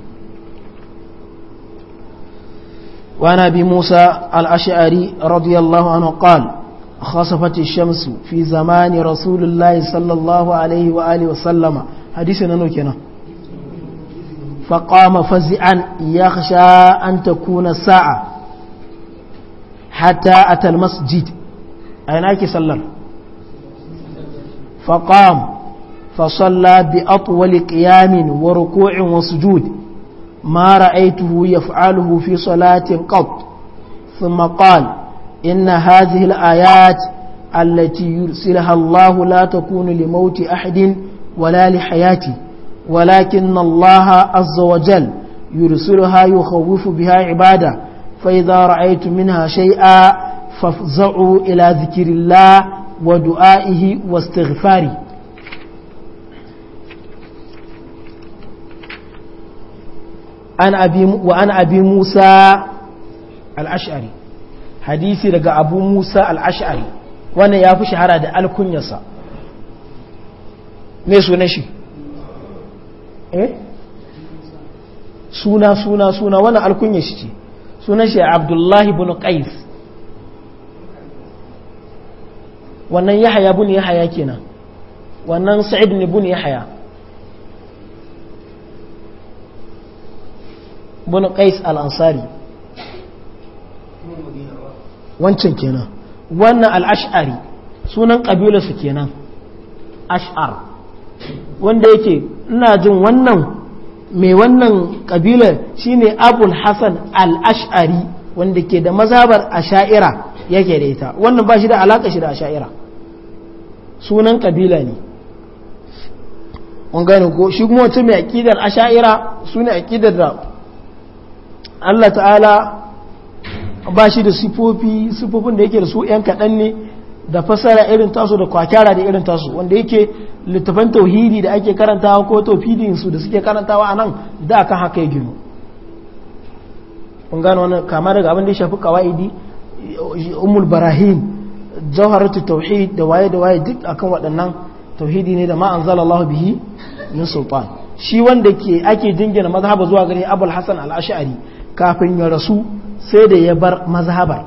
وعن أبي موسى الأشعري رضي الله عنه قال خصفت الشمس في زمان رسول الله صلى الله عليه وآله وسلم حديثنا نوكنا فقام فزعا يخشى أن تكون ساعة حتى أتى المسجد أين أيك سلم فقام فصلى بأطول قيام وركوع وسجود ma ra'aytuhu yaf'aluhu fi salatin qat thumma qala inna hadhihi al-ayat allati yursilaha Allah la takunu li mawti ahadin wala li hayati walakin Allah azza wa jalla yursiluha yukhawwifu biha ibada fa idha ra'aytum minha shay'a fafza'u ila dhikrillah wa du'a'ihi wastighfarihi wa an abi musa al'ash'ari hadisi daga abu musa al'ash'ari wannan ya fi shahara da alkunyarsa me suna shi eh suna suna suna wannan alkunyar shi ce abdullahi bin wannan yahaya bin yahaya kenan wannan sa'id bin yahaya bin qais al-ansari wancan kenan wannan al-ash'ari sunan su kenan ash'ar wanda yake ina jin wannan mai wannan kabilar shine abul hasan al-ash'ari wanda ke da mazabar asha'ira yake da ita wannan ba shi da alaka shi da asha'ira sunan kabila ne wangane ko shi kuma wacce mai aƙidar asha'ira su ne aƙidar da Allah ta'ala ba shi da sifofi sifofin da yake da su 'yan kaɗan ne da fasara irin tasu da kwakyara da irin tasu wanda yake littafan tauhidi da ake karantawa ko tauhidinsu da suke karantawa a nan da aka haka ya gino kun wani kama daga abin da ya shafi di umul barahim jawharatu tauhid da waye da waye duk akan waɗannan tauhidi ne da ma bihi min sultan shi wanda ke ake dingina mazhaba zuwa gare abul hasan al-ash'ari kafin ya rasu sai da ya bar mazhabar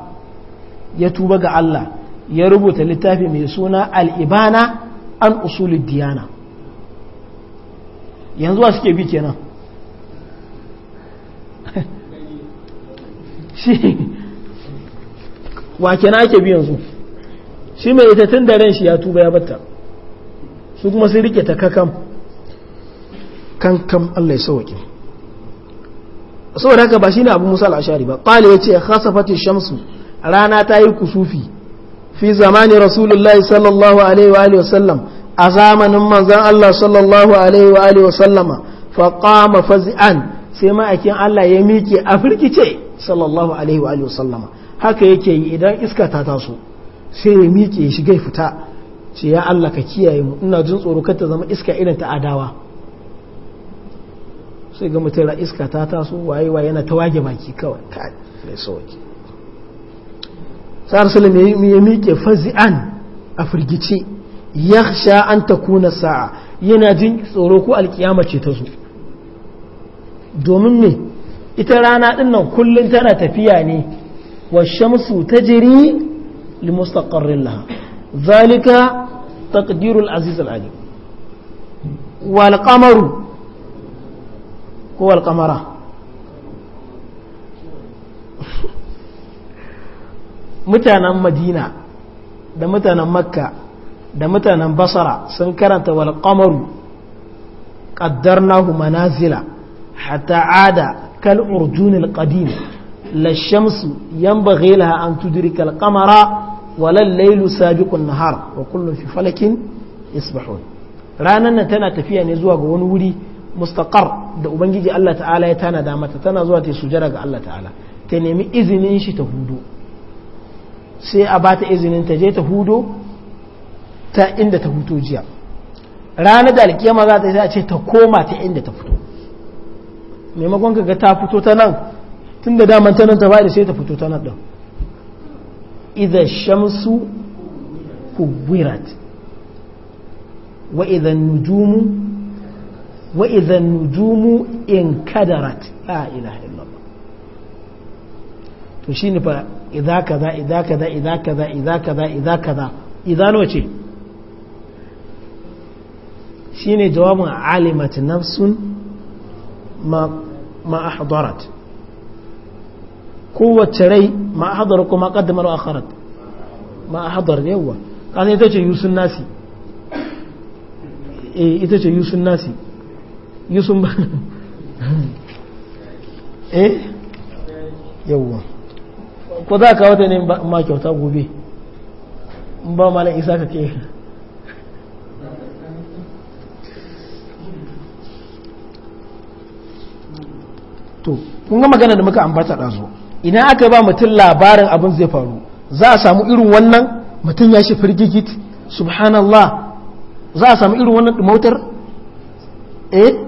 ya tuba ga Allah ya rubuta littafi mai suna al'ibana an usulul diyana yanzu wa suke bi kenan shi wake na ake bi yanzu shi mai ita tun da ran shi ya tuba ya batta su kuma sun rike ta kakam kankan Allah ya sauwaƙe saboda haka ba shi ne abu musa al-ashari ba qala yace khasafati shamsu rana ta yi kusufi fi zamani rasulullahi sallallahu alaihi wa alihi wasallam a zamanin manzon Allah sallallahu alaihi wa alihi wasallama fa qama faz'an sai ma'aikin Allah ya miƙe a firkice sallallahu alaihi wa alihi wasallama haka yake yi idan iska ta taso sai ya miƙe ya shiga fita ce ya Allah ka kiyaye mu ina jin tsoro kar ta zama iska irin ta adawa sai ga mutum iska ta taso waye yana ta wage baki kawai kai mai sauki sa'ar ya miƙe fazi'an a firgice ya sha an ta kuna sa'a yana jin tsoro ko alkiyama ce ta zo domin me ita rana ɗin nan kullum tana tafiya ne wa shamsu ta jiri limustaqarrin laha zalika taqdirul aziz al-alim wal qamaru ko alkamara mutanen madina da mutanen makka da mutanen basara sun karanta walƙamaru ƙaddarnahu manazila hatta ada kal urjunil qadim la shamsu yanbaghi laha an tudrika al qamara wala al sabiqun nahar wa kullun fi falakin yasbahun ranan nan tana tafiya ne zuwa ga wani wuri mustaqar da ubangiji Allah ta'ala ya tanada mata tana zuwa ta sujada ga Allah ta'ala ta nemi izinin shi ta hudu sai a bata izinin ta je ta hudu ta inda ta huto jiya ranar da alkiyama za ta a ce ta koma ta inda ta fito maimakon ka ga ta fito ta nan tun da daman ta nan ta bada sai ta fito ta nan ɗin idan shamsu kuwirat wa idan nujumu وإذا النجوم انكدرت لا إله إلا الله to shi ne fa idza kaza idza kaza idza kaza idza kaza idza kaza idza no ce shine jawabin alimat nafsun ma ma ahdarat kowace rai ma ahdara kuma qaddamar akharat ma ahdar yawa kan ita ce yusun nasi eh ita ce yusun nasi yusuf ba eh yawwa ko za ka wata ne ma kyauta gobe in ba malam isa ka ke to kun ga magana da muka ambata ɗazu ina aka ba mutum labarin abin zai faru za a samu irin wannan mutum ya shi firgigit subhanallah za a samu irin wannan ɗumautar eh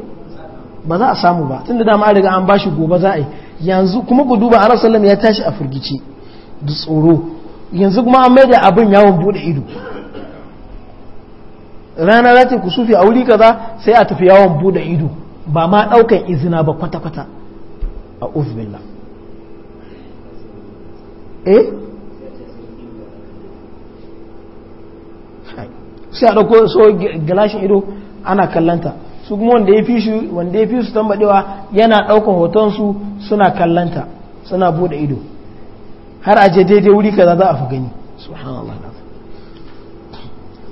ba za a samu ba tunda dama a riga an ba shi gobe za a yi yanzu kuma ku duba annabi sallallahu ya tashi a firgici da tsoro yanzu kuma an maida abin yawon bude ido rana za ta kusufi a wuri kaza sai a tafi yawon bude ido ba ma daukan izina ba kwata kwata a uzbillah eh sai a dauko so galashin ido ana kallanta su kuma wanda ya fi shi wanda ya fi su tambadewa yana ɗaukan hoton su suna kallanta suna buɗe ido har a je daidai wuri kaza za a fi gani subhanallah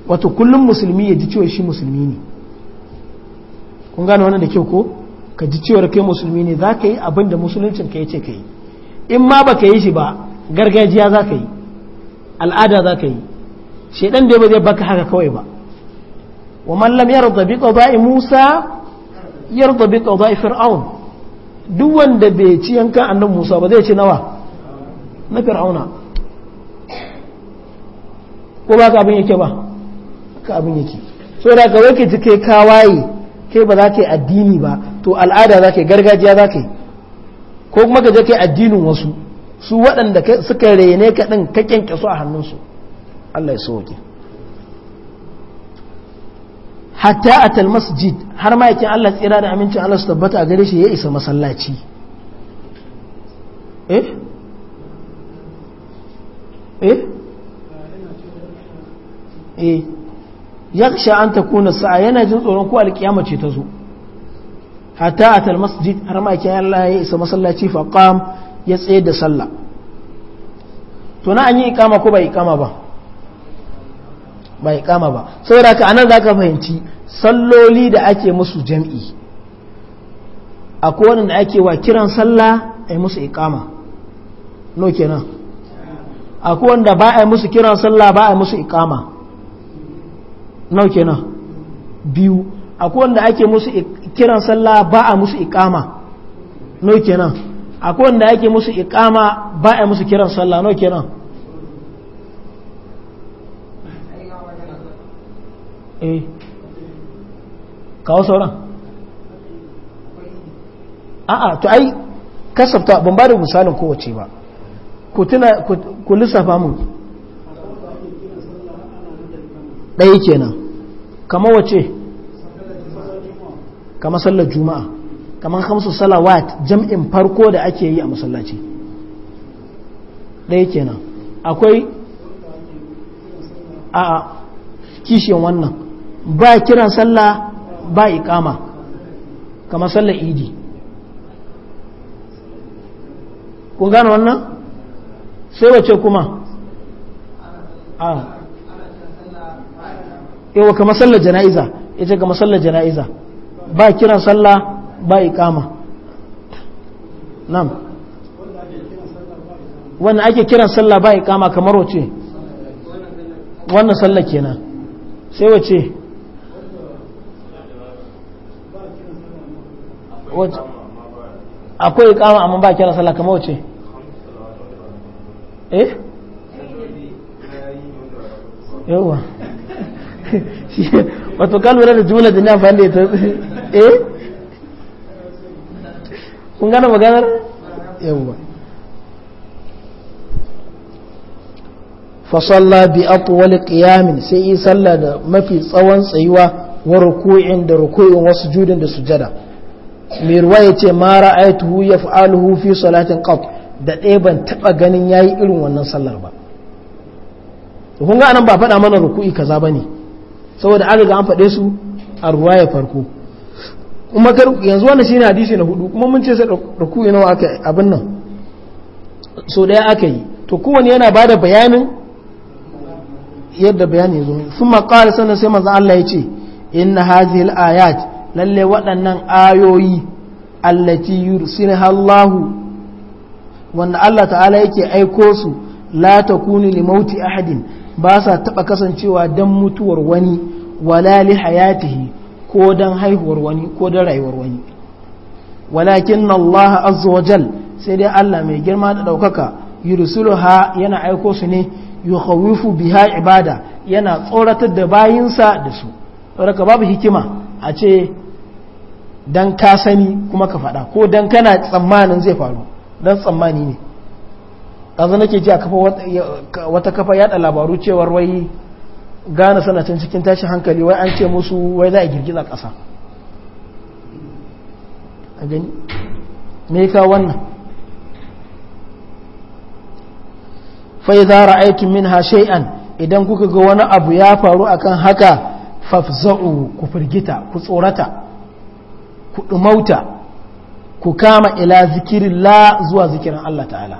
wato kullum musulmi ya ji cewa shi musulmi ne kun gane wannan da kyau ko ka ji cewar kai musulmi ne za ka yi abin da musuluncin ka yace ka yi in ma ba ka yi shi ba gargajiya za ka yi al'ada za ka yi shaidan da ba zai baka haka kawai ba ومن لم يرضى بقضاء موسى يرضى بقضاء فرعون duk wanda bai ci yankan annan musa ba zai ci nawa na fir'auna ko ba ka abin yake ba ka abin yake so da ga wake ji kai kawaye kai ba za ka yi addini ba to al'ada za ka yi gargajiya za ka yi ko kuma ka je kai addinin wasu su waɗanda suka rene ka ɗin ka kyanke su a hannunsu Allah ya soke hatta talmas masjid har ma yakin Allah tsira da amincin Allah su tabbata a gare shi ya isa masallaci eh eh eh yaksha an kuna sa'a yana jin tsoron ko alkiyama ce ta zo hatta talmas masjid har ma yakin Allah ya isa masallaci faƙam ya tsaye da sallah to na an yi ikama ko ba ikama ba ba kama ba saboda ka anan zaka fahimci salloli da ake musu jam'i akwai wanda ake wa kiran sallah ai musu iqama no kenan akwai wanda ba a musu kiran sallah ba a musu iqama no kenan biyu akwai wanda ake musu kiran sallah ba a musu iqama no kenan akwai wanda ake musu iqama ba a musu kiran sallah no kenan eh kawo sauran a'a to ai kasafta ban ba da misalin kowace ba ku tuna ku lissafa mun ɗaya kenan kama wace kama sallar juma'a kamar hamsu salawat jam'in farko da ake yi a masallaci ɗaya kenan akwai a kishiyan wannan ba kiran sallah ba ikama kamar salla idi kun gane wannan sai wace kuma a ah. yawa kamar sallar jana'iza ita kamar salla jana'iza ba kiran sallah ba ikama nam wannan ake kiran sallah ba ikama kamar wace wannan sallar kenan sai wace akwai ikama amma ba kira sallah kamar wace eh yawa wato ka lura da jumla da na fanda ta eh kun gane maganar yawa fasalla bi atwali qiyamin sai yi sallah da mafi tsawon tsayuwa wa ruku'in da ruku'in wasu judin da sujada mai ruwa ya ce ma ra'aytuhu ya fi salatin qat da ɗaya ban taɓa ganin ya yi irin wannan sallar ba to kun ga anan ba faɗa mana ruku'i kaza ba ne. saboda an riga an faɗe su a ruwa ya farko kuma yanzu wannan ne hadisi na hudu kuma mun ce sai ruku'i nawa aka abin nan so ɗaya aka yi to kowane yana bada bayanin yadda bayani ya zo sun maƙar sannan sai manzo Allah ya ce inna hajji ayat lalle waɗannan ayoyi allati yursilha hallahu wanda Allah ta'ala yake aiko su la takunu li mauti ahadin ba sa taba kasancewa dan mutuwar wani wala li hayatihi ko don haihuwar wani ko dan rayuwar wani walakin Allah azza wa jal sai dai Allah mai girma da daukaka yursiluha yana aiko su ne yukhawifu biha ibada yana tsoratar da bayinsa da su saboda babu hikima a ce dan ka sani kuma ka faɗa ko dan kana tsammanin zai faru dan tsammani ne na nake ji a kafa wata kafa yada labaru cewar wai gane sana cikin tashi hankali wai an ce musu wai za a girgiza ƙasa a gani me ka wannan fai za ra'aikin min ha shai'an idan kuka ga wani abu ya faru akan haka fafza'u ku firgita ku tsorata ku ɗumauta ku kama ila zikirin la zuwa zikirin Allah ta'ala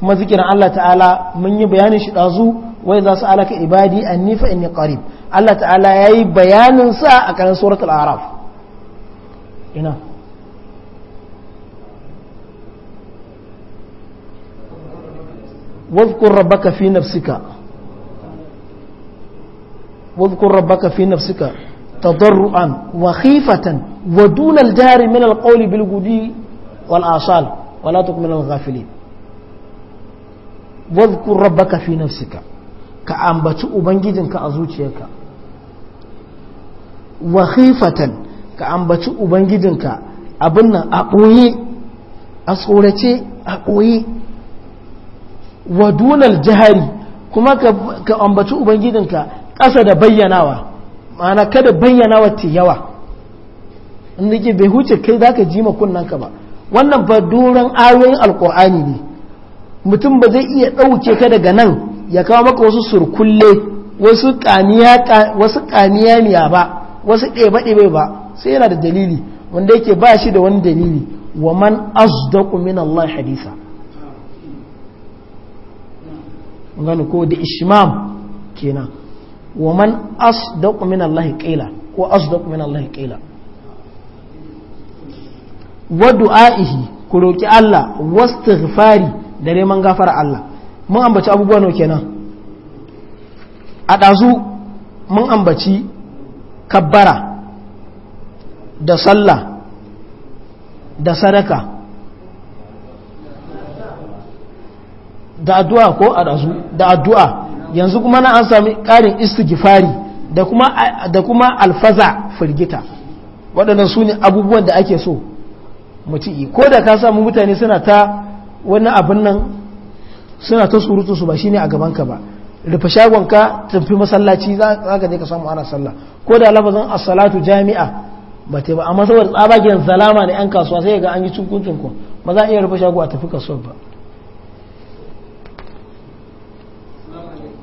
kuma zikirin Allah ta'ala mun yi bayanin shi dazu wai za su alaka ibadi anni fa inni qarib Allah ta'ala yayi bayanin sa a kanan suratul araf ina واذكر ربك في نفسك واذكر ربك في نفسك تضرعا وخيفة ودون الجهر من القول بالغدي والآصال ولا تكن من الغافلين واذكر ربك في نفسك كأنبت أبنجدك أزوجيك وخيفة كأنبت أبنجدك أبنى أقوي أصورتي أقوي ودون الجهر كما كأنبت أبنجدك أسد بيناوه ma'ana kada bayyana wata yawa inda ke bai huce kai za ka ji ka ba wannan ba duran ayoyin alkur'ani ne mutum ba zai iya ɗauke ka daga nan ya kawo maka wasu surkulle wasu ƙaniyaniya ba wasu ɗeba ba sai yana da dalili wanda yake ba shi da wani dalili wa man azdaku min Allah hadisa gani ko da ishmam kenan wa man asdaqu min Allah ko asdaqu min Allah qila wa ku roƙi Allah wastighfari da neman gafara Allah mun ambaci abubuwa nawa kenan a mun kabbara da sallah da sadaka da addu'a ko a da addu'a yanzu kuma na an sami ƙarin istighfari da kuma da kuma alfaza firgita waɗannan su ne abubuwan da ake so mutum ko da ka samu mutane suna ta wani abin nan suna ta surutu su ba shi ne a gaban ka ba rufe shagonka tafi masallaci za ka je ka samu ana sallah ko da lafazin as-salatu jami'a ba ta ba amma saboda tsabagen zalama da yan kasuwa sai ga an yi cunkun ku ba za a iya rufe shago a tafi kasuwar ba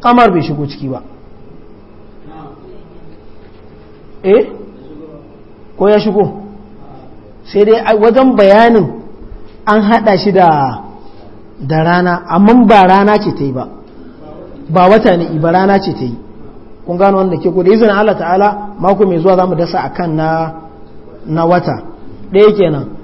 kamar bai shigo ciki ba eh ko ya shigo sai dai wajen bayanin an hada shi da da rana amma ba rana ce ta yi ba ba wata ne ba rana ce ta yi kun gano wanda ke ko da izinin Allah ta'ala mako mai zuwa za mu dasa akan na na wata ɗaya kenan